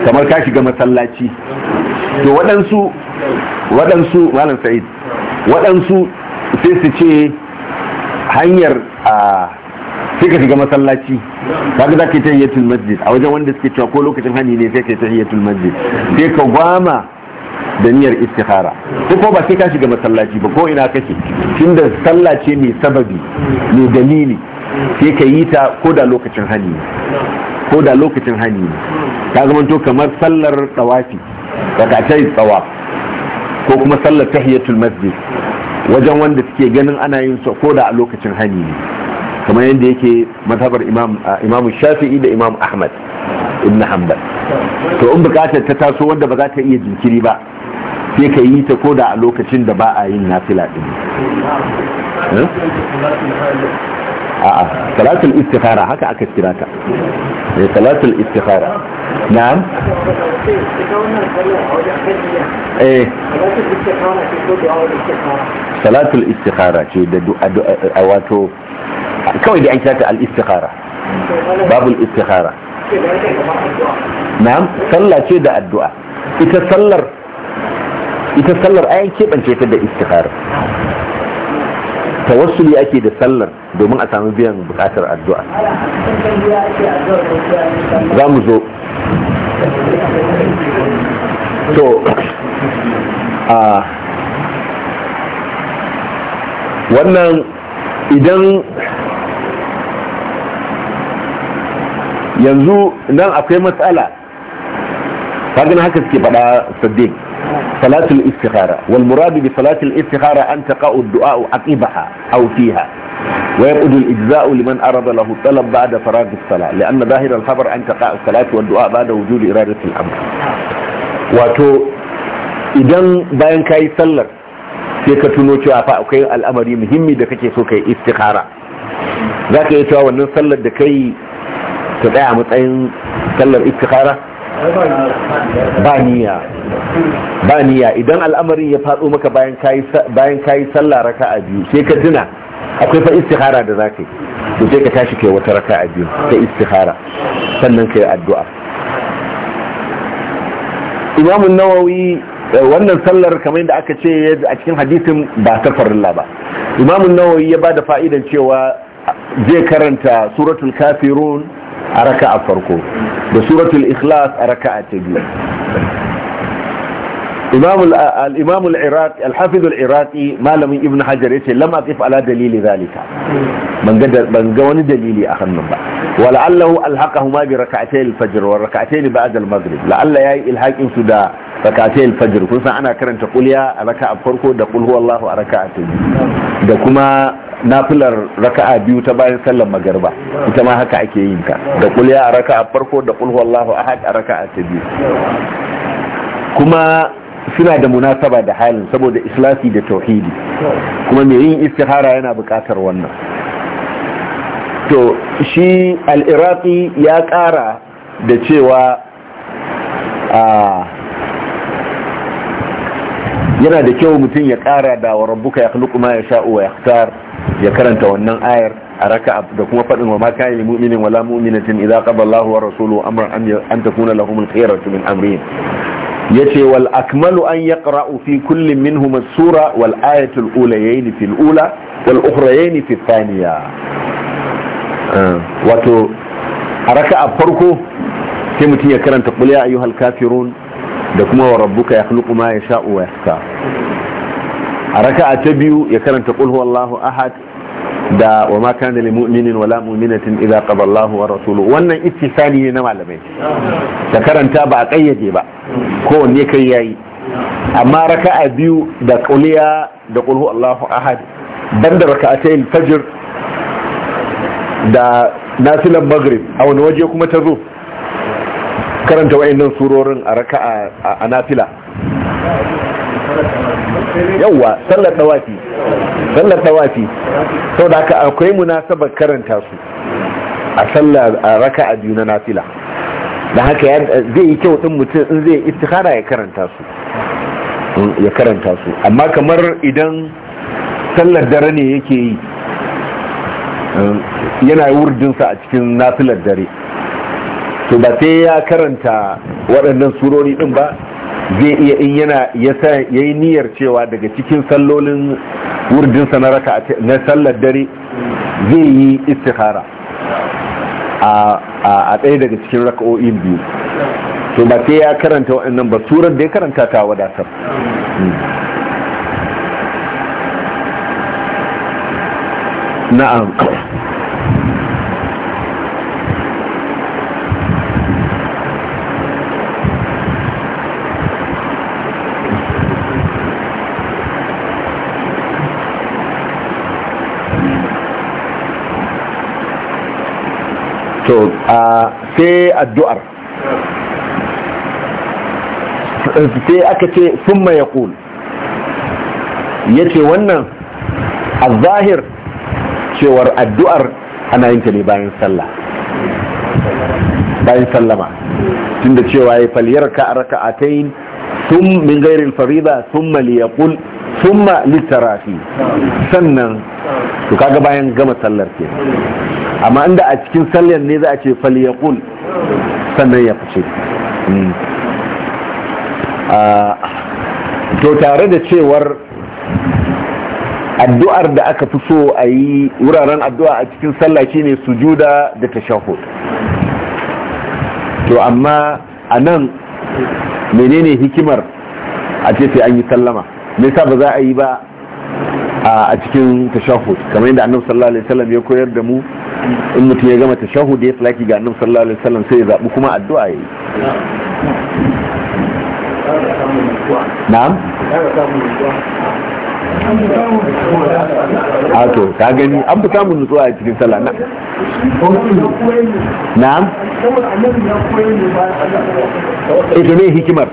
kamar ka shiga masallaci to waɗansu waɗansu malam sa'id waɗansu sai su ce hanyar a sai ka shiga masallaci ka za ka yi tahiyyatul masjid a wajen wanda suke cewa ko lokacin hani ne sai ka yi tahiyyatul masjid sai ka gwama da niyyar istikhara ko ko ba sai ka shiga masallaci ba ko ina kake tunda sallah ce mai sababi mai dalili sai ka yi ta ko da lokacin hani ko da lokacin hani ka zama to kamar sallar tsawafi da ta tsawa ko kuma sallar tahiyatul masjid wajen wanda suke ganin ana yin su ko da a lokacin hani ne kamar yadda yake mazhabar imam shafi'i da imam ahmad ibn hanbal to in bukatar ta taso wanda ba za ta iya jinkiri ba sai ka yi ta koda a lokacin da ba a yin nafila din eh? a'a salatul istikhara haka aka kira ta ne eh, salatul istikhara na'am eh salatul istikhara ce da du'a wato kawai da an kira ta al-istikhara babul istikhara na'am sallah ce da addu'a ita sallar ita sallar ayan keɓance ta da istikhara tawassuli ake da sallar domin a samu biyan bukatar addu'a za mu zo to a wannan idan yanzu nan akwai matsala na haka suke faɗa sabbin salatul istikhara wal muradu bi salatul istikhara an taqa'u ad-du'a aqibaha aw fiha ويبعد الإجزاء لمن أراد له الطلب بعد فراغ الصلاة لأن ظاهر الخبر أن تقع الصلاة والدعاء بعد وجود إرادة الأمر wato idan bayan kayi sallar sai ka tuno cewa fa akwai al'amari muhimmi da kake so ka yi istikhara za ka yi cewa wannan sallar da ka ta tsaya a matsayin sallar istikhara ba niyya ba niyya idan al'amarin ya faɗo maka bayan kayi sallah raka a biyu sai ka tuna akwai fa istihara da za ka yi to sai ka tashi kai wata raka a biyu ta istihara sannan ka yi addu'a imamun nawawi eh, wannan sallar kamar yadda aka ce a cikin hadisin ba ta farilla ba imamun nawawi ya ba da fa'idan cewa zai karanta suratul kafirun ركعه فرقو بسوره الاخلاص ركعه تجي imam al-iraqi al-hafiz al-iraqi malamin ibn hajar yace lam aqif ala dalili zalika ban ga ban ga wani dalili a hannun ba la'allahu allahu ma bi rak'atay al-fajr wa rak'atay ba'da al-maghrib la yayi ilhaqin su da rak'atay al-fajr kun san ana karanta kulya a raka'a farko da qul huwallahu a raka'a da kuma nafilar raka'a biyu ta bayan sallar magarba ita ma haka ake yin ka da kulya a raka'a farko da qul huwallahu ahad a raka'a ta biyu kuma suna da munasaba da halin saboda islasi da tauhidi kuma mai yin istihara yana bukatar wannan to shi al'iraki ya kara da cewa yana da kyau mutum ya kara da wa rabbuka ya khluqu ma yasha'u wa yakhtar ya karanta wannan ayar a raka da kuma faɗin wa ma kana lil mu'minin wala mu'minatin idza qada wa rasuluhu amran an takuna lahumul khiyaratu min amrihim yace wal akmalu an yaqra'u fi kulli minhum as-sura wal ayatu al-ulayayn fi al-ula wal ukhrayayn fi thaniya ah, wato a farko sai mutum ya karanta qul ya ayyuhal kafirun da kuma wa rabbuka yakhluqu ma yasha'u wa yahsa a ta biyu ya karanta qul huwallahu ahad da wa ma kana lil mu'minin wala mu'minatin idza qada Allah wa rasuluhu wannan ittisali ne na malamai da karanta ba a kayyade ba Ko kowanne kai yayi amma raka'a biyu da quliya da qul Allahu ahad banda raka'atayn fajr da nafilan maghrib a wani waje kuma ta zo karanta wayannan surorin a raka'a a nafila yauwa sallar dawafi sallar dawafi sau da aka akwai munasabar karanta su a sallar a raka a biyu na nafila da haka zai yi kyau din mutum in zai istikhara ya karanta su mm, ya karanta su amma kamar idan sallar dare ne yake yi mm, yana wurdinsa a cikin nafilar dare to ba sai ya karanta waɗannan surori ɗin ba zai iya in yana ya yi niyyar cewa daga cikin sallolin wurdinsa na raka na sallar dare zai yi istihara a ɗaya daga cikin rakao'i biyu to ba sai ya karanta waɗannan ba surar da ya karanta ta wadatar hmm. na'am to a sai addu'ar sai aka ce sun ya ƙul ya ce wannan a zahir cewar addu'ar ana yin ta ne bayan sallah bayan sallama tun da cewa ya faliyar ka a raka a ta yin sun min gairin farida sun mali ya ƙul thumma litarafi sannan to kaga bayan gama sallar ke amma inda a cikin sallar ne za a ce falyaqul sannan ya fice hmm. to tare da cewar addu'ar da aka fi so a yi wuraren addu'a a cikin sallah shine sujuda da tashahud to amma a nan menene hikimar a ce sai an yi sallama me yasa ba za a yi ba a cikin tashahud kamar yadda annabi sallallahu alaihi wasallam ya koyar da mu in mutum ya gama tashahud ya salaki ga annabi sallallahu alaihi wasallam sai ya zabi kuma addu'a yayi na'am a ah, to ka gani an fi samun nutsuwa a cikin sallah na'am ita ne hikimar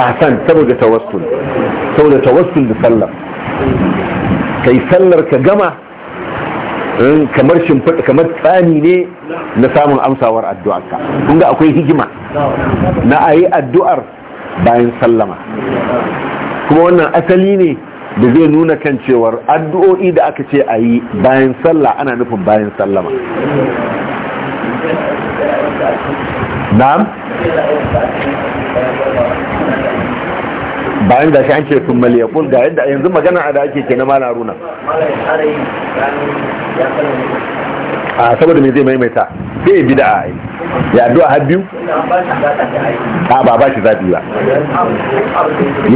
a san saboda tawassul saboda tawassul da sallar kai sallar ka gama kamar shimfiɗa kamar tsani ne na samun amsawar addu'arka ka akwai hikima na a yi addu'ar bayan sallama kuma wannan asali ne da zai nuna kan cewar addu'o'i da aka ce a yi bayan sallah ana nufin bayan sallama na'am bayan shi an ce sun kun ga yadda yanzu magana a da ake ke na mana runa a saboda mai zai maimaita sai ya bida a yi ya addu'a har biyu a ba ba shi zaɓi ba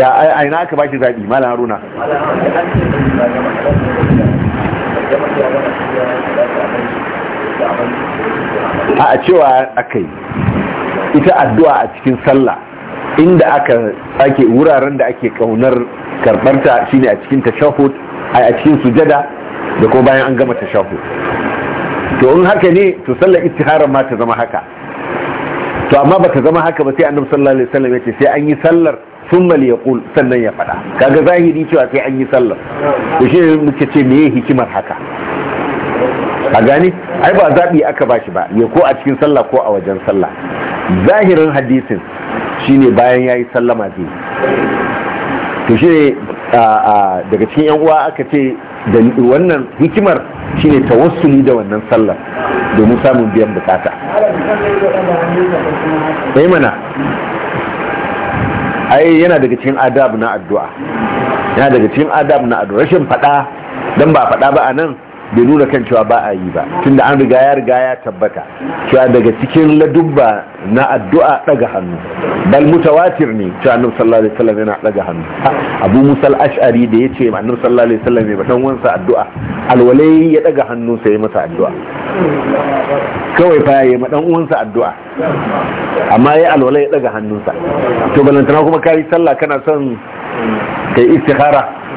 ya aina aka ba shi zaɓi mana runa a cewa aka yi ita addu'a a cikin sallah inda aka ake wuraren da ake kaunar karbarta shine a cikin tashahud a cikin sujada da ko bayan an gama tashahud to in haka ne to sallar istiharar ma ta zama haka to amma ba ta zama haka ba sai annabi sallallahu alaihi wasallam yace sai an yi sallar thumma liyaqul sannan ya fada kaga zahiri cewa sai an yi sallar to shi muke ce meye hikimar haka a gani? ai ba zabi aka bashi ba ya ko a cikin sallah ko a wajen sallah zahirin hadisin shine bayan ya yi sallama zai to shine daga cikin yan uwa aka ce da wannan hikimar shine tawassuli da wannan sallar domin samun biyan bukata sai mana ai yana daga cikin adab na addu'a yana daga cikin adab na addu'a rashin fada dan ba fada ba a nan bai nuna kan cewa ba a yi ba tunda an riga ya riga ya tabbata cewa daga cikin ladubba na addu'a daga hannu bal mutawatir ne cewa annabi sallallahu alaihi wasallam yana daga hannu abu musal ashari da yace annabi sallallahu alaihi wasallam ne batan wansa addu'a alwalai ya daga hannu sai masa addu'a kawai fa yayi ma dan uwansa addu'a amma ya alwalai ya daga hannunsa to balantana kuma kai sallah kana son kai istikhara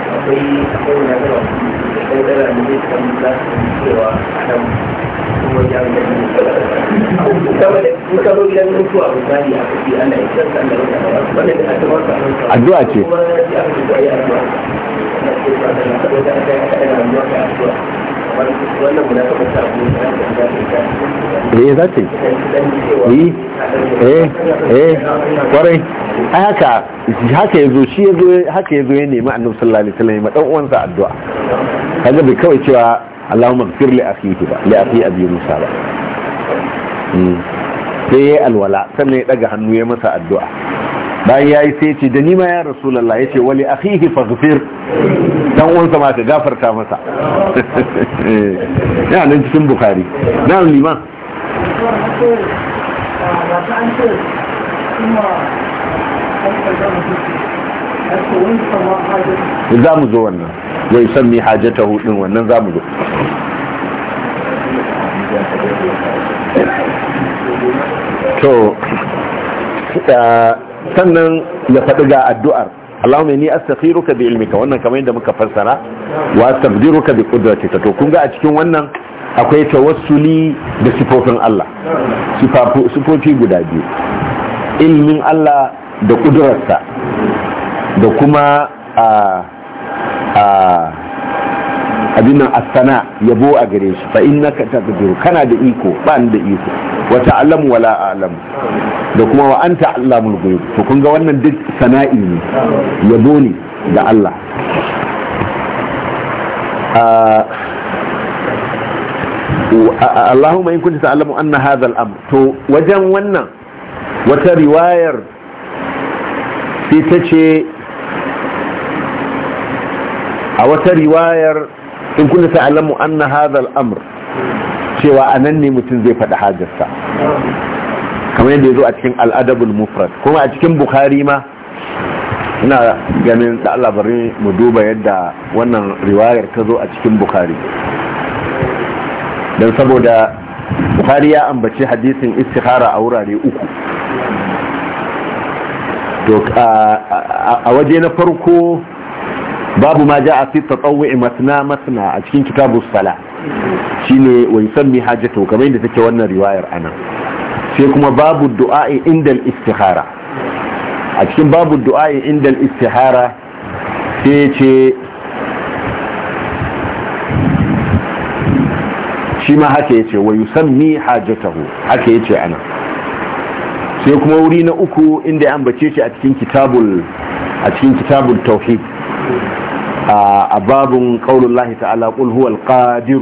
akwai akwai wani da kai dala zai za su yi cewa a kuma ya ne gidan mutuwa misali a ana yi san da wannan da aka masa addu'a ce kuma ya ce addu'a eh za ta yi eh eh kwarai haka haka ya zo shi haka ya zo ya nemi annabi sallallahu alaihi wasallam ya dan uwansa addu'a kaga bai kawai cewa Allahumma gfir li akhihi ba li akhi abi musa ba hmm. sai ya alwala sannan ya daga hannu ya masa addu'a bayan ya yi sai ce da nima ya rasulallah ya ce wali akhihi faghfir dan uwansa ma ka gafarta masa ya nan cikin bukhari na liman za mu zo wannan zai san mi hajjata hudun wannan za mu zo to uh, sannan ya faɗi ga addu'ar Allahumma inni astaghfiruka bi ilmika wannan kamar yadda muka fassara wa astaghfiruka bi to kun ga a cikin wannan akwai tawassuli da sifofin Allah sifofi guda biyu ilmin Allah da kudurarsa da kuma a abin nan asana yabo a gare shi fa ta taqdiru kana da iko ba ni da iko wa ta'lamu wa la a'lamu da kuma wa anta allamul ghaib to kun ga wannan duk sana'i ne yabo ne da Allah Allahumma in kunta ta'lamu anna hadha al-amr to wajen wannan wata riwayar sai ta ce a wata riwayar in kunna alamu an na al Amur, cewa a nan ne mutum zai faɗi hajarsa kamar yadda ya zo a cikin al'adabul mufrad kuma a cikin bukhari ma ina ganin da mu duba yadda wannan riwayar ta zo a cikin bukhari don saboda bukhari ya ambaci hadisin istihara a wurare uku to a waje na farko babu ma ja a fi tatsawai masna masna a cikin kitabu sala Shi shine wa yusammi hajjatu kamar yadda take wannan riwayar anan sai kuma babu du'a'i inda istihara a cikin babu du'a'i inda istihara sai ce shi ma haka yace wa yusammi hajjatahu haka yace ana sai kuma wuri na uku inda an bace shi a cikin kitabul a cikin kitabul tauhid آه، باب قول الله تعالى قل هو القادر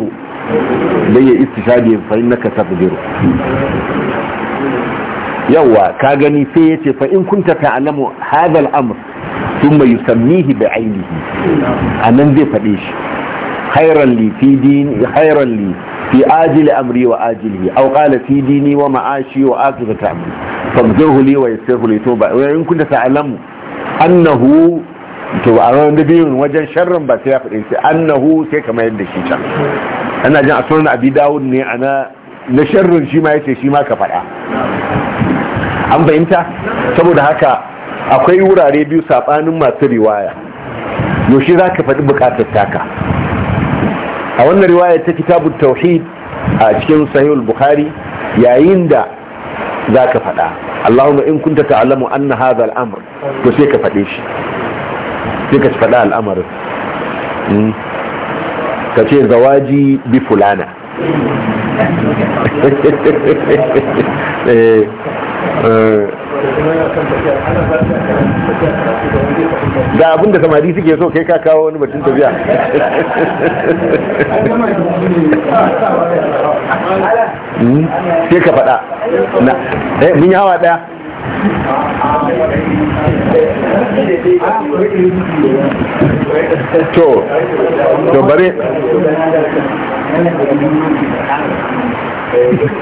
لي استشهاده فإنك تقدر يوى كاغني فيتي فإن كنت تعلم هذا الأمر ثم يسميه بعينه أننذي فليش خيرا لي في دين خيرا لي في آجل أمري وآجله أو قال في ديني ومعاشي وآجل عمري فاغذره لي ويسره لي توبا وإن كنت تعلم أنه to a ranar biyun wajen sharrin ba sai ya faɗi sai annahu sai kamar yadda shi can ana jin a sunan abi dawud ne ana na sharrin shi ma yace shi ma ka faɗa an fahimta saboda haka akwai wurare biyu sabanin masu riwaya yaushe za ka faɗi bukatar taka a wannan riwaya ta kitabun tauhid a cikin sahihul bukhari yayin da za ka faɗa allahumma in kunta ta'lamu anna hadha al-amr to sai ka faɗe shi sai ka faɗa al'amarin hmm. ka ce zawaji bi fulana da eh, eh. abin da samari suke so kai ka kawo wani batun tafiya hmm. sai ka faɗa eh, mun yi hawa ɗaya to to bari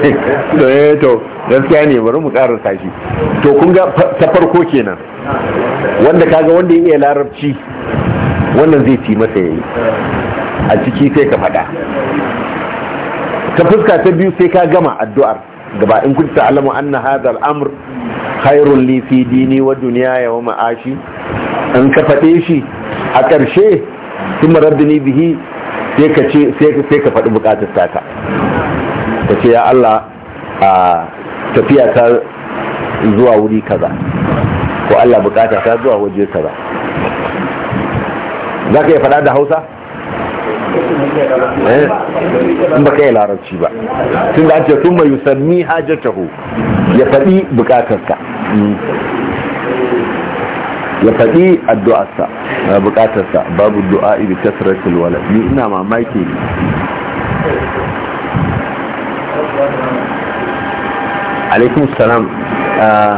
to eh to gaskiya ne bari mu karanta tashi to kun ga ta farko kenan wanda kaga wanda ya iya larabci wannan zai ci masa yayi a ciki sai ka faɗa ta fuska ta biyu sai ka gama addu'ar gaba in kunta alamu anna hadha al-amr khairun li fi dini wa duniya wa ma'ashi an ka faɗe shi a ƙarshe kuma rabbini bihi sai ka ce sai ka faɗi buƙatar taka ka ce ya Allah a tafiya ta zuwa wuri kaza ko Allah buƙata ta zuwa waje kaza za ka iya faɗa da Hausa Eh, in ba kai larabci ba tun da ake tun mai yusanni hajjatahu ya faɗi bukatarsa ya faɗi addu'arsa na eh, bukatarsa babu du'a ibi kasratul walad ni ina mamaki alaikum salam ah.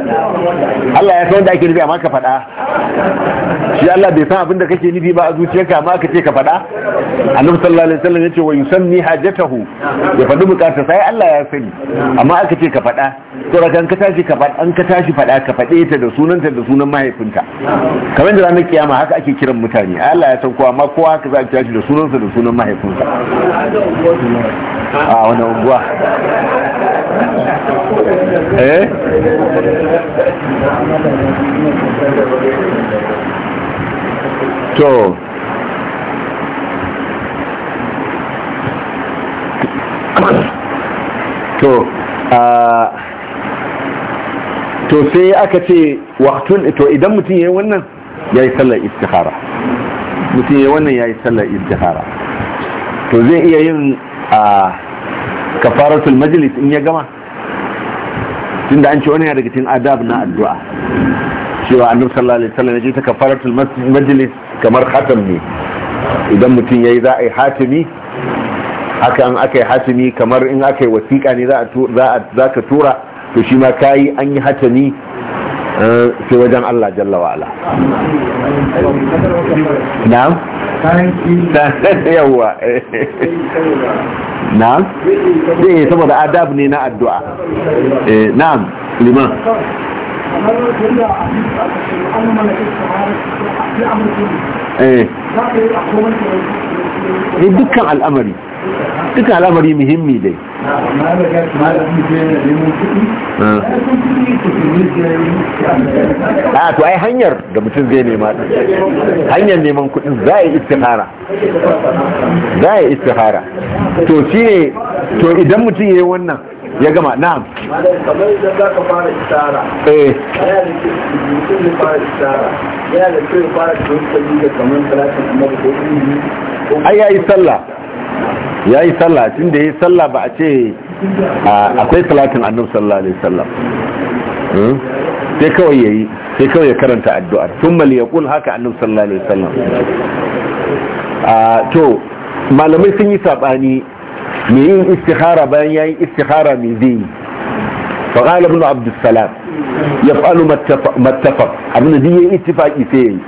Allah ya san wanda ake nufi amma ka faɗa shi Allah bai san abin da kake nufi ba a zuciyarka amma ka ce ka faɗa annabi sallallahu alaihi wasallam yace wa yusanni hajatahu ya faɗi bukatar sai Allah ya sani amma aka ce ka faɗa to rakan ka tashi ka faɗa an ka tashi faɗa ka faɗe ta da sunanta da sunan mahaifinta kamar da ranar kiyama haka ake kiran mutane Allah ya san kowa amma kowa haka za a tashi da sunansa da sunan mahaifinsa a wani unguwa eh to to to sai aka ce waktun to idan mutum ya yi wannan ya yi sallar istihara mutum ya yi wannan ya yi sallar istihara to zai iya yin a kafaratul majalis in ya gama tunda an ce wani yana daga cikin adab na addu'a cewa annabi sallallahu alaihi wasallam ya ce ta kafaratul majlis kamar khatam idan mutum yayi za a yi hatimi haka an aka yi hatimi kamar in aka yi wasiƙa ne za a za ka tura to shi ma kayi an yi hatimi Eh, sai wajen Allah jalla wa'ala na'am yawwa na'am eh, saboda adab ne na addu'a eh, na'am liman dukkan al'amari dukkan al'amari muhimmi dai a to ai hanyar da mutum zai nema hanyar neman kudin za a yi istihara za a yi istihara to shi ne to idan mutum ya yi wannan ya gama na. kamar yana eh. da mutum ya fara yana da kyau fara da kamar talatin amma ai ya yi sallah ya yi sallah tun da ya yi sallah ba a ce akwai salatin annab sallah alaihi sallam hmm? sai kawai ya yi sai kawai ya karanta addu'ar sun mali ya kun haka annab sallah alaihi sallam to malamai sun yi saɓani mai yin istihara bayan ya yi istihara mai zai yi faƙala bin abdussalam ya falu matafaf abin da ya yi ittifaki sai ya yi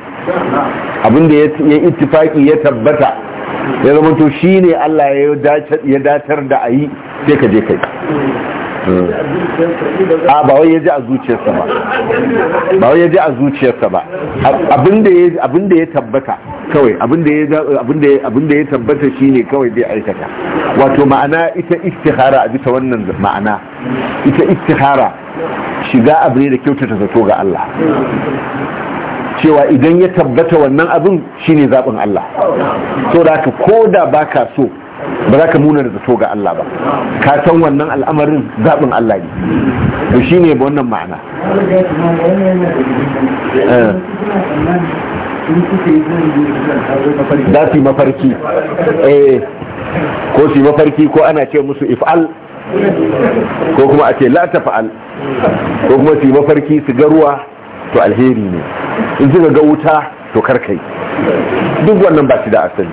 abinda ya yi ittifaki ya tabbata ya zama to shi ne Allah ya datar da a yi sai ka je kai a ba wai ya ji a zuciyarsa ba ba wai ya ji a zuciyarsa ba abinda ya tabbata kawai abinda ya tabbata shi ne kawai zai aikata wato ma'ana ita istihara a bisa wannan ma'ana ita istihara shiga abu ne da kyautata zato ga Allah cewa idan ya tabbata wannan abin shine zaɓin Allah so da ka ko da ba ka so ba za ka muna da zato ga Allah ba ka san wannan al'amarin zaɓin Allah ne da shi ne ba wannan ma'ana Da eh. su mafarki eh ko su mafarki ko ana ce musu if'al ko kuma a ce la fa'al, ko kuma su mafarki su garuwa to alheri ne in ji ga wuta to karkai duk wannan ba shi da asali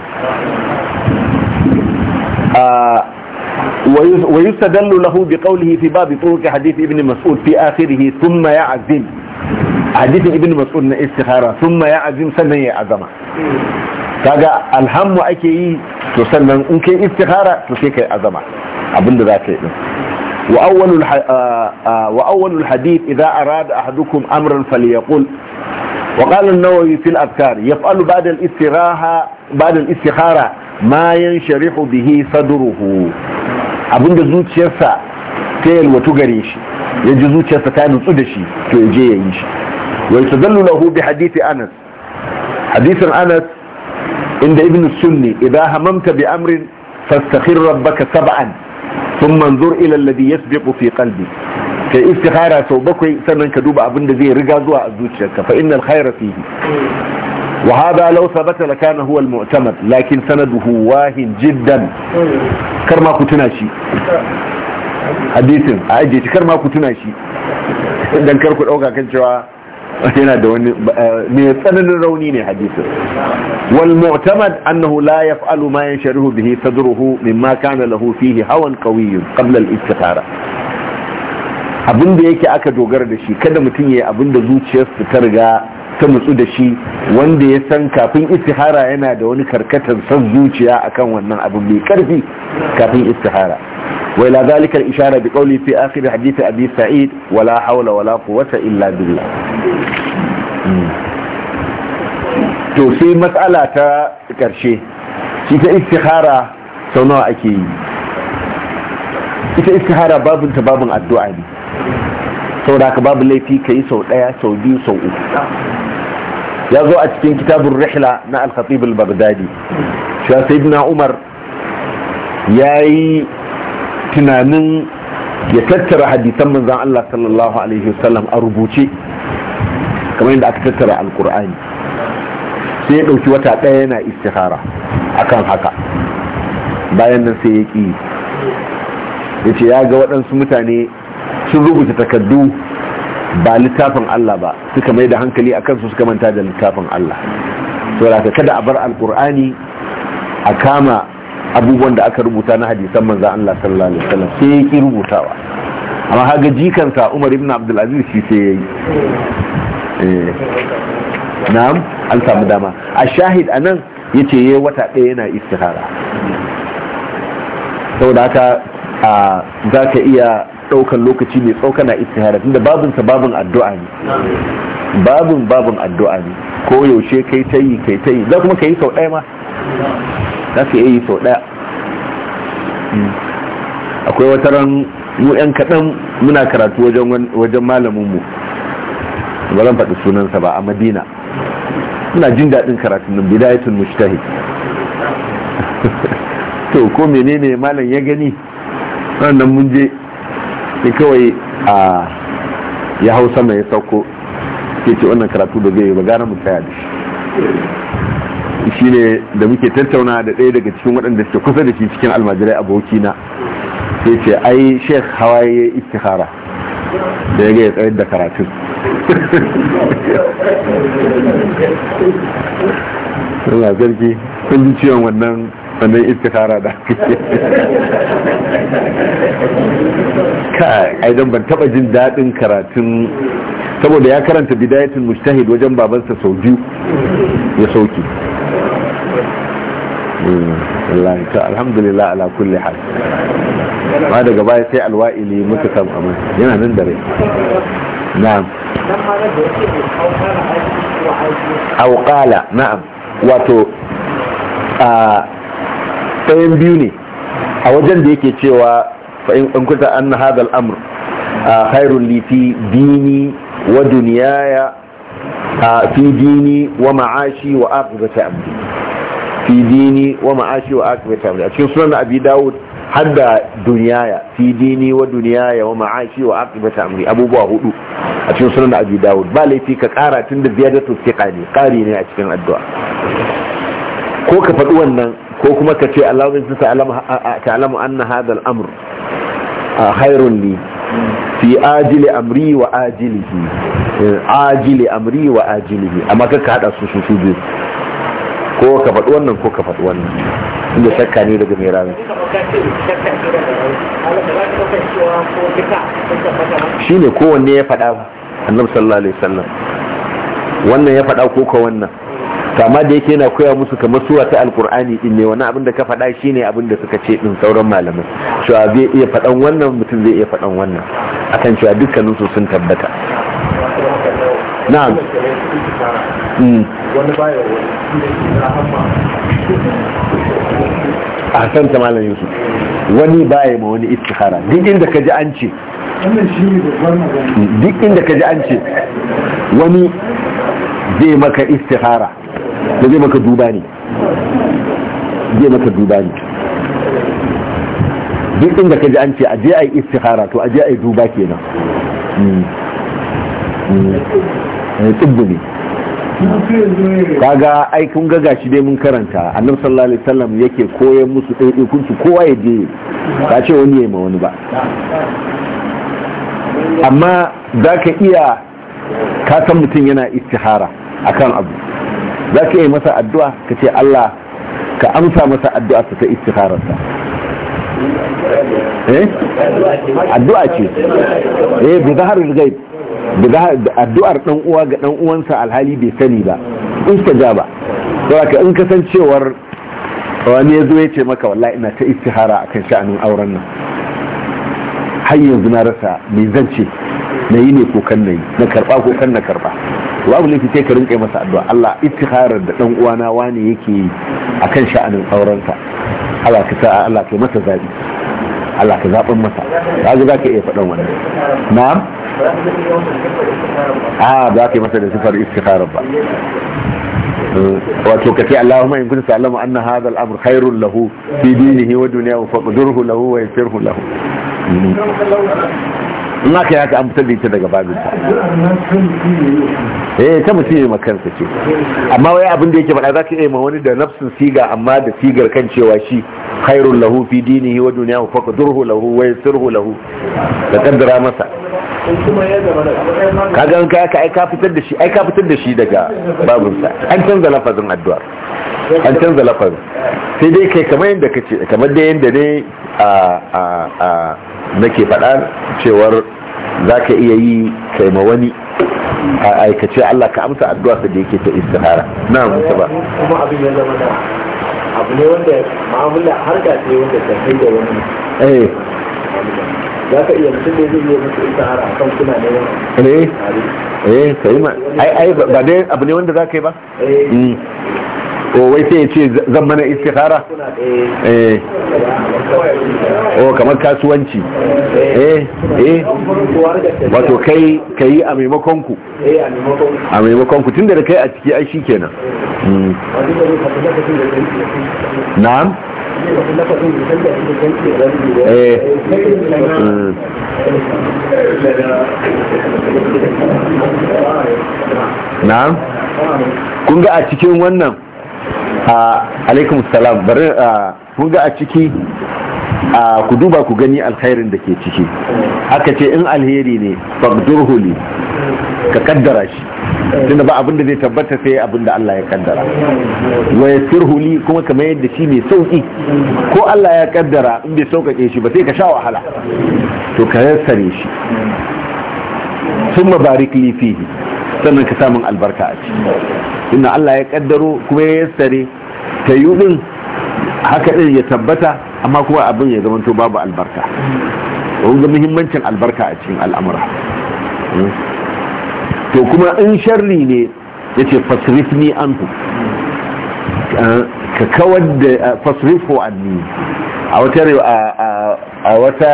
ويستدل له بقوله في باب طرق حديث ابن مسعود sun ma ya azim hadithi ibn mas'ud na istikhara ya azim sannan ya azama kaga alhammu ake yi to sannan in kai istikhara to sai kai azama abinda za ka yi din wa awwalul wa awwalul hadith idza arada ahadukum amran falyaqul وقال النووي في الأذكار يفعل بعد الاستراحة بعد الاستخارة ما ينشرح به صدره abin da zuciyarsa ta yalwatu gare shi ya ji zuciyarsa ta nutsu da shi to ya je ya yi shi wai su zallu lahu bi hadithi anas hadisin anas inda ibn sunni idan hamamta bi amrin fastakhir rabbaka sab'an thumma anzur ila alladhi yasbiqu fi qalbi kai istikhara sau bakwai sannan ka duba abinda zai riga zuwa a zuciyarka fa innal khaira fihi wa hada law sabata lakana huwa almu'tamad lakin sanaduhu wahin jiddan kar ma ku tuna shi hadisin a aje shi kar ma ku tuna shi dan kar ku dauka kan cewa yana da wani ne tsananin rauni ne hadisin wal mu'tamad annahu la yaf'alu ma yansharihu bihi sadruhu mimma kana lahu fihi hawan qawiyyun qabla al-istikhara abin da yake aka dogara da shi kada mutum ya yi abin da zuciyarsa ta riga ta mutsu da shi wanda ya san kafin istihara yana da wani karkatar san zuciya akan wannan abin mai karfi kafin istihara وإلى ishara الإشارة بقوله fi آخر حديث أبي sa'id wala حول wala قوة illa billah hmm. to sai matsala ta ƙarshe shi ta istihara sau nawa ake yi ita istihara babinta babin addu'a ne saboda haka babu laifi ka yi sau ɗaya sau biyu sau uku ya zo a cikin kitabun rihla na al-khatib al-baghdadi shi sayyidina umar yayi tunanin ya tattara hadisan manzon Allah sallallahu alaihi wasallam a rubuce kamar yadda aka tattara al alkur'ani sai ya ɗauki wata ɗaya yana istihara akan haka bayan nan sai ya ƙi ya ce ya ga waɗansu mutane sun rubuta takardu ba littafin Allah ba suka mai da hankali a kansu suka manta da littafin Allah saboda kada a bar alkur'ani a kama abubuwan da aka rubuta na hadisan manzan Allah sallallahu alaihi wasallam sai ya ki rubutawa amma haga jikansa Umar ibn Abdul Aziz shi sai yayi eh. na'am an samu dama a shahid anan yace yayi wata ɗaya yana istihara saboda haka za ka iya daukan lokaci mai tsauka na istihara tunda babin sa babin addu'a ne babin babin addu'a ne ko yaushe kai ta yi kai ta yi za kuma kai sau daya ma za ka yi sau daya hmm. akwai wata ran mu yan kadan muna karatu wajen wajen malamin mu ba zan faɗi sunansa ba a madina muna jin daɗin karatun nan bidayatul mujtahid to ko menene malam ya gani wannan mun je ne kawai a ya hau sama ya sauko ke ce wannan karatu da zai yi ba gara mu tsaya da shi shi ne da muke tattauna da ɗaya daga cikin waɗanda suke kusa da shi cikin almajirai abokina sai ce ai sheikh hawaye istihara da ya gaya tsayar da karatun Allah sarki sun ji ciwon wannan wannan istihara da ka aidan ban taba jin daɗin karatun saboda ya karanta bidayatul mujtahid wajen babansa sau biyu ya sauki hmm, wallahi ta alhamdulillah ala kulli hal ba daga baya sai alwa'ili muka samu amma yana nan dare na'am aw qala na'am wato a ɗayan biyu ne a wajen da yake cewa fa in kunta anna hadha amr dini wa fi dini wa ma'ashi wa fi dini wa ma'ashi wa a cikin sunan abi daud hadda fi dini wa wa ma'ashi wa amri abubuwa hudu a cikin sunan abi ba laifi ka kara tun da biyar da ne kari ne a cikin addu'a ko ka faɗi wannan ko kuma ka ce Allahumma inna an na hadha al a hairun ne fi ajili amri wa ajilihi ajili amri wa ajilihi amma ka hada su su biyu ko ka faɗi wannan ko ka faɗi wannan inda shakka ne daga mai rami shi ne kowanne ya faɗa annabi sallallahu alaihi wasallam wannan ya faɗa ko ka wannan kama da yake yana koya musu kamar suwa ta alkur'ani din ne wani abin da ka faɗa shi ne abin da suka ce din sauran malamai cewa zai iya faɗan wannan mutum zai iya faɗan wannan akan cewa dukkanin su sun tabbata na'am wani mm. baya a san ta malam yusuf wani baya ma wani istihara duk inda ka ji an ce duk inda ka ji an ce wani zai maka istihara da zai maka duba ne zai maka duba ne duk inda ka ji an ce a je a yi istihara to a je a yi duba kenan hmm. hmm. eh, tsibbu ne kaga ai kun ga gashi dai mun karanta annab sallallahu alaihi wasallam yake koyar musu ɗaiɗai kun su kowa ya je ba ce wani ya ma wani ba amma za ka iya ka san mutum yana istihara akan abu za ka yi masa addu'a ka ce Allah ka amsa masa addu'a ta istikhararsa eh addu'a ce eh bi zahar ghaib bi addu'ar dan uwa ga dan uwansa alhali bai sani ba in ka ja ba saboda in kasancewar wani ya zo ya ce maka wallahi ina ta istihara akan sha'anin auren nan har yanzu na rasa me zan ce na yi ne ko kan na yi na karba ko kan na karba babu laifi sai ka rinƙe masa addu'a Allah ittiharar da dan uwana wani yake yi akan sha'anin aurensa Allah ka sa Allah ka masa zabi Allah ka zaɓin masa kaga za ka iya faɗan wannan na'am ah za ka masa da sifar istikharar ba eh, wato kace Allahumma in kunta sallama anna hadha al-amr khairun lahu fi dinihi wa dunyahu fa'dhurhu lahu wa yassirhu lahu hmm. in aka yi haka an fitar da ita daga babinta eh ta mutum ne makansa ce amma wai abin da yake ba za ka iya ma wani da nafsin siga amma da sigar kan cewa shi khairul lahu fi dinihi wa dunyahu fa qadruhu lahu wa yassirhu lahu da kaddara masa kaga an ka aika ka fitar da shi ai ka fitar da shi daga babinsa an canza lafazin addu'a an canza lafazin sai dai kai kamar yadda kace kamar da yadda ne a a a nake faɗa cewar zaka iya yi kai ma wani a aikace Allah ka amsa addu'a sa da yake ta istihara na musu ba kuma abin ya zama da abu ne wanda ma'amala harka ce wanda ta kai da wani eh za ka iya mutum ne zai iya musu istihara a kan kuna ne eh eh kai ma ai ai ba dai abu ne wanda za ka yi ba eh mm. Oh, wai sai ya ce zan mana istikhara eh o oh, kamar kasuwanci eh eh wato kai kai eh, a maimakon ku a maimakon ku tunda da kai a ciki ai shikenan hmm. na'am eh. hmm. na'am kun ga a cikin wannan alaikum salam bari mun ga a ciki ku duba ku gani alkhairin da ke ciki haka ce in alheri ne fagdurhuli ka kaddara shi tunda ba abin zai tabbata sai abin da Allah ya kaddara wa yassirhu kuma kamar yadda shi mai sauki ko Allah ya kaddara in bai sauƙaƙe shi ba sai ka sha wahala to ka yassare shi sun barik li fihi sannan ka samun albarka a ciki inda Allah ya kaddaro kuma ya yassare ta yi din haka din ya tabbata amma kuma abin ya zamanto babu albarka kun ga muhimmancin albarka a cikin al'amura to kuma in sharri ne yace fasrifni ku. ka kawar da fasrifu ko a wata a wata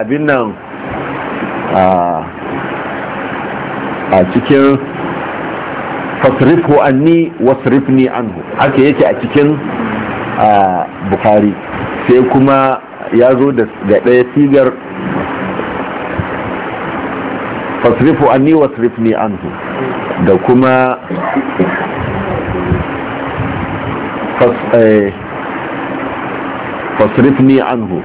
abin nan a cikin fasrifu anni wasrifni anhu haka yake a cikin bukhari sai kuma ya zo da ɗaya sigar fasrifu anni wasrifni anhu da kuma eh, fasrifni anhu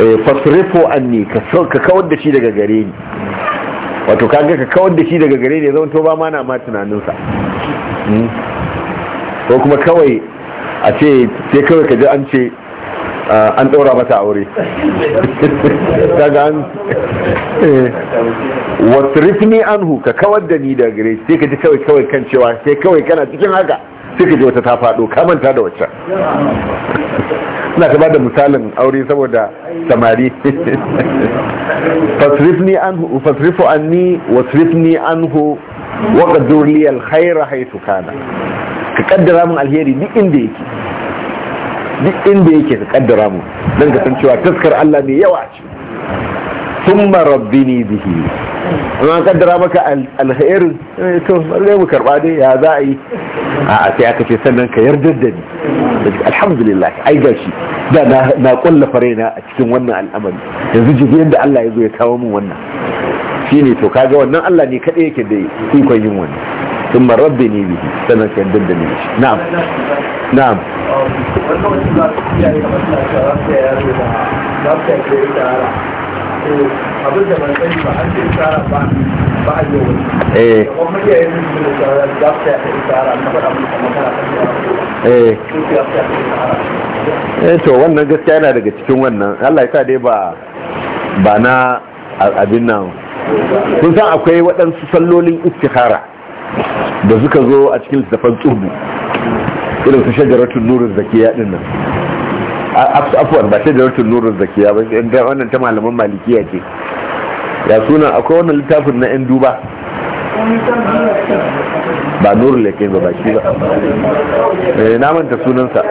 eh, fasrifu anni ka kawar da shi daga gare ni wato kaga ka kawar da shi daga gare ne zama to ba ma na ma tunaninsa hmm? ko kuma kawai a ce sai kawai ka ji an ce an ɗora mata aure Wasu an eh. wasrifni anhu ka kawar da ni da gare sai ka ji kawai kawai kan cewa sai kawai kana cikin haka sai ka ji wata ta faɗo ka manta da waccan suna ta bada misalin aure saboda samari fasrifni anhu fasrifu anni wasrifni anhu wa qadur li alkhaira haythu kana ka kaddara mun alheri duk inda yake duk inda yake ka kaddara mun dan ka san cewa taskar Allah ne yawa ce thumma rabbini bihi amma kaddara maka alkhair to sai mu karba dai ya za a yi a sai aka ce sannan ka yarda da ni alhamdulillah ai gashi da na kulla farena a cikin wannan al'amari yanzu jibi yanda Allah ya zo ya kawo min wannan shine to kaga wannan Allah ne kadai yake da ikon yin wannan thumma rabbini bihi sannan ka yarda da ni na'am na'am wannan wani za su yi kamar da za su yi da za su yi da Eh, ba da ba ba a eh to wannan gaskiya yana daga cikin wannan Allah ya sa dai ba ba na abin nan kun san akwai waɗansu sallolin istikhara da suka zo a cikin littafin tsubu irin su shajaratun nurin zakiya din nan afuwar ba sai da rutun nurin zakiya ba sai wannan ta malaman malikiya ce ya suna akwai wannan littafin na yan duba ba nuru lake ba shi ba eh na manta sunansa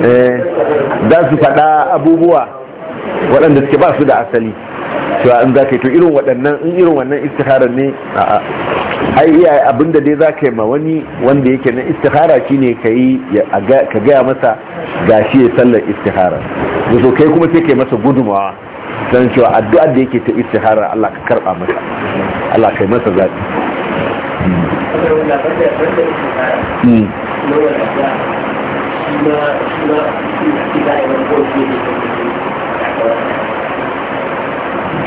eh su faɗa abubuwa waɗanda suke ba su da asali cewa in za ka yi to irin waɗannan in irin wannan istiharar ne a ai iya abinda dai za ka yi ma wani wanda yake na istihara ne ka yi ka gaya masa shi ya sallar istihara yanzu kai kuma sai ka yi masa gudumawa don cewa addu'a da yake ta istihara Allah ka karɓa masa Allah ka yi masa zaɓi Mm.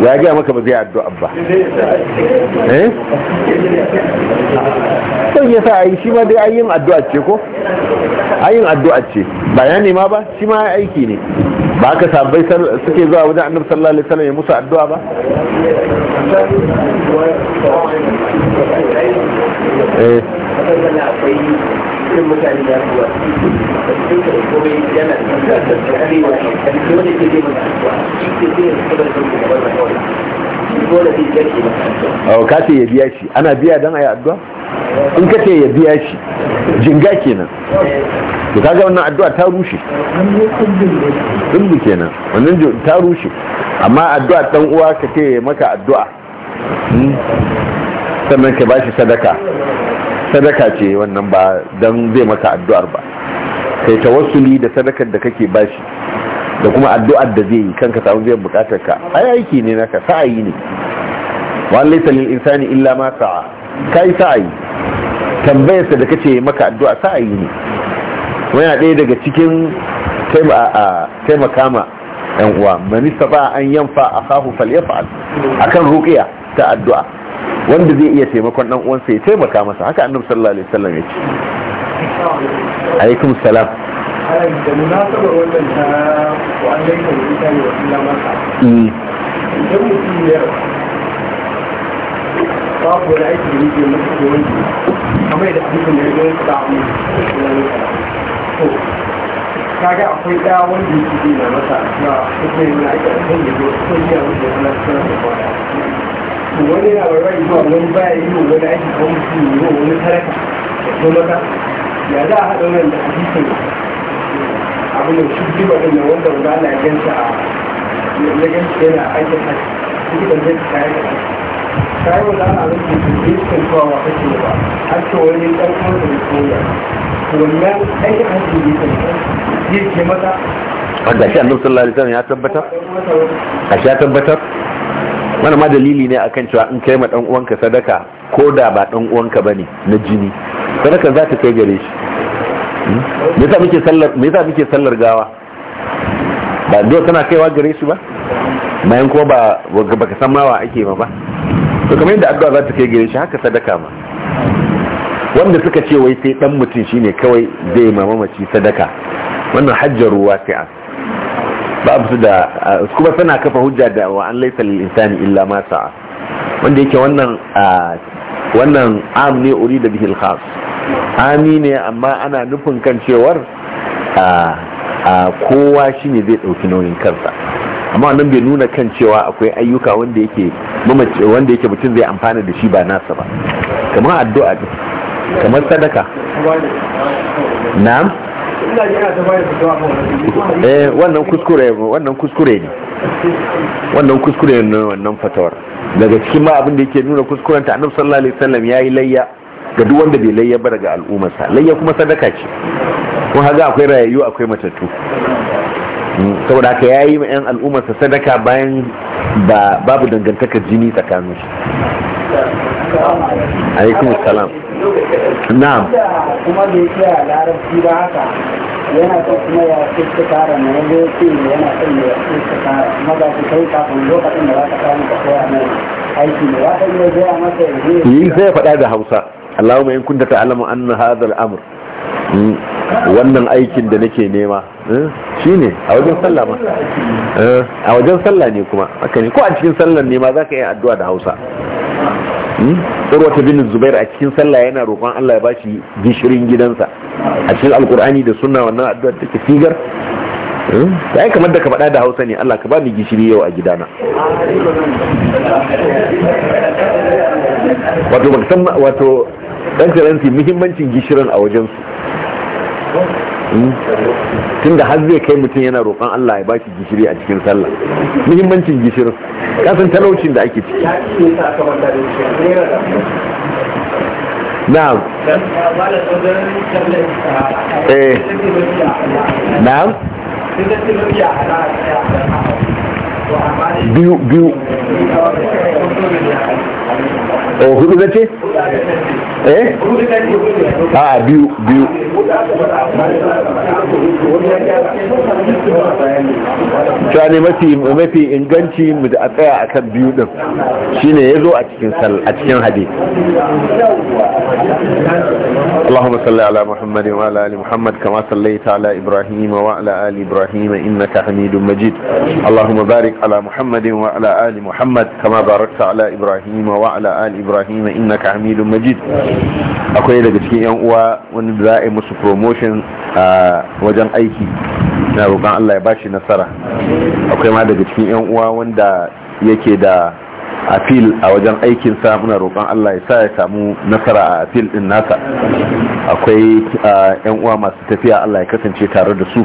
ya gaya maka ba zai addu'a ba eh sai ya sa yi shi ma dai ayin addu'a ce ko ayin addu'a ce ba ya nema ba shi ma aiki ne ba haka sabai suke zuwa wajen annabi sallallahu alaihi wasallam ya musu addu'a ba eh irin mutane yi kuma ya biya shi ana biya don a addu'a? in ka ce ya biya shi jinga kenan to kaga wannan addu'a ta rushe dumbu kenan wannan ta rushe amma addu'a dan uwa ka ce maka addu'a hmm? sannan ka bashi sadaka sadaka ce wannan ba don zai maka addu'ar ba kai tawassuli da sadakar da kake bashi da kuma addu'ar da zai yi kanka samu biyan bukatar ka a yaki ne naka sa'ayi ne wa laysa lil insani illa ma sa'a kai sa'ayi tambayarsa da kace maka addu'a sa'ayi ne wani ɗaya daga cikin taimaka ma yan uwa man ba an yanfa akahu falyaf'al akan ruqiya ta addu'a wanda zai iya taimakon dan uwansa ya taimaka masa haka annabi sallallahu alaihi wasallam ya ce alaikum salam da munasabar wannan ta wa'annan kan ita ne wasu Allah masa mm. idan mutum ya babu da aiki da yake mutu da wani kamar yadda abincin da ya ta samu to kaga akwai ɗaya wanda yake na masa na kusurin na aiki a cikin da ya zo kusurin ya wuce na cikin da wani zuwa wani baya yi wani aiki ko mutum yi wa wani talaka ya za a haɗa da shi da wanda wanda ana a ya gansa yana da zai kayan da kayan wanda ana wa kake ba har ce wani ɗan kuma da koya wannan kan yi ke mata a gashi annabi sallallahu alaihi wasallam ya tabbatar a ya tabbatar wannan ma dalili ne akan cewa in kai ma dan uwanka sadaka ko da ba dan uwanka bane na jini sadaka za ta kai gare shi me yasa muke sallar me yasa muke sallar gawa ba do tana kaiwa gare shi ba bayan ko ba baka san ma wa ake ma ba to kamar yadda addu'a za ta kai gare shi haka sadaka ma wanda suka ce wai sai dan mutum shine kawai zai mamamaci sadaka wannan hajjar ruwa sai babu su da kuma suna kafa hujja da wa an laisa lil insani illa ma sa'a wanda yake wannan wannan am ne uri da al khas ami ne amma ana nufin kan cewar a kowa shine zai dauki nauyin kansa amma wannan bai nuna kan cewa akwai ayyuka wanda yake wanda yake mutum zai amfana da shi ba nasa ba kamar addu'a kamar sadaka na'am Eh, wannan kuskure wannan kuskure ne wannan kuskure ne wannan fatawar daga cikin ma abin da yake nuna kuskuren ta annabi sallallahu alaihi wasallam yayi layya ga duk wanda bai layya ba daga al'ummar sa layya kuma sadaka ce kun haga akwai rayayyu akwai matattu hmm, saboda haka yayi ma yan al'ummar sa sadaka bayan ba babu dangantakar jini tsakanin su alaikum salam na'am kuma da yake a larabci ba haka yana son kuma ya fuska tara na yanzu ya ce yana son ya fuska tara kuma ga su kai kafin lokacin da za ka samu ka koya mai aiki ne za ka iya gaya masa yanzu yi sai ya faɗa da hausa Allahumma in kunta ta'lamu anna hadha al-amr hmm. wannan aikin da nake nema hmm, shi ne a wajen sallah ma eh, a wajen sallah ne kuma haka ne ko a cikin sallah ne ma za ka yi addu'a da hausa urwata bin zubair a cikin sallah yana roƙon Allah ya bashi gishirin gidansa a cikin alkur'ani da sunna wannan addu'a take sigar ta hmm? yi kamar da ka faɗa da hausa ne Allah ka ba ni gishiri yau a gidana wato wato dan karanti muhimmancin gishirin a wajensu tunda har zai kai mutum yana roƙon Allah ya bashi gishiri a cikin sallah muhimmancin gishirin kasan talaucin da ake ciki na'am eh. biyu biyu Oh, o hudu na ce? Eh? اه a ah, biyu biyu cewa ne mafi inganci mu da a tsaya a kan biyu din shine ya zo a اللهم صل على محمد وعلى ال محمد كما صليت على ابراهيم وعلى ال ابراهيم انك حميد مجيد اللهم بارك على محمد وعلى ال محمد كما باركت على ابراهيم وعلى ال ابراهيم Ibrahim innaka Hamidum Majid akwai daga cikin yan uwa wanda za a yi musu promotion a wajen aiki na roƙon Allah ya bashi nasara akwai ma daga cikin yan uwa wanda yake da A fil a wajen aikinsa muna roƙon Allah ya sa ya samu nasara a fil din nasa akwai yan uwa masu tafiya Allah ya kasance tare da su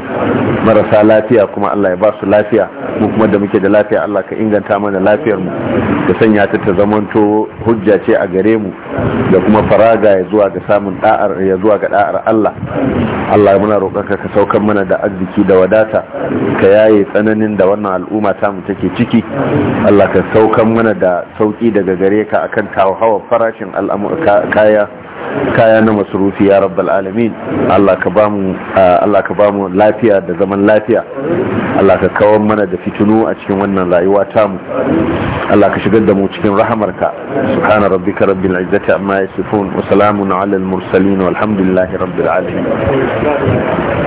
marasa lafiya kuma Allah ya ba su lafiya mu kuma da muke da lafiya Allah ka inganta mana lafiyar mu da sanya ta ta zamanto hujja ce a gare mu da kuma faraga ya zuwa ga samun da'ar ya zuwa ga da'ar Allah Allah muna roƙon ka ka saukar mana da arziki da wadata ka yaye tsananin da wannan al'umma ta mu take ciki Allah ka saukar mana da da sauki daga gare ka akan hawa farashin kaya kaya na masurufi ya rabbal alamin Allah ka bamu mu lafiya da zaman lafiya Allah ka kawo mana da fitinu a cikin wannan rayuwa tamu Allah ka shigar da mu cikin rahamarka subhana rabbika rabbil izzati amma yasifun wa salamun ala al mursalin walhamdulillahi rabbil alamin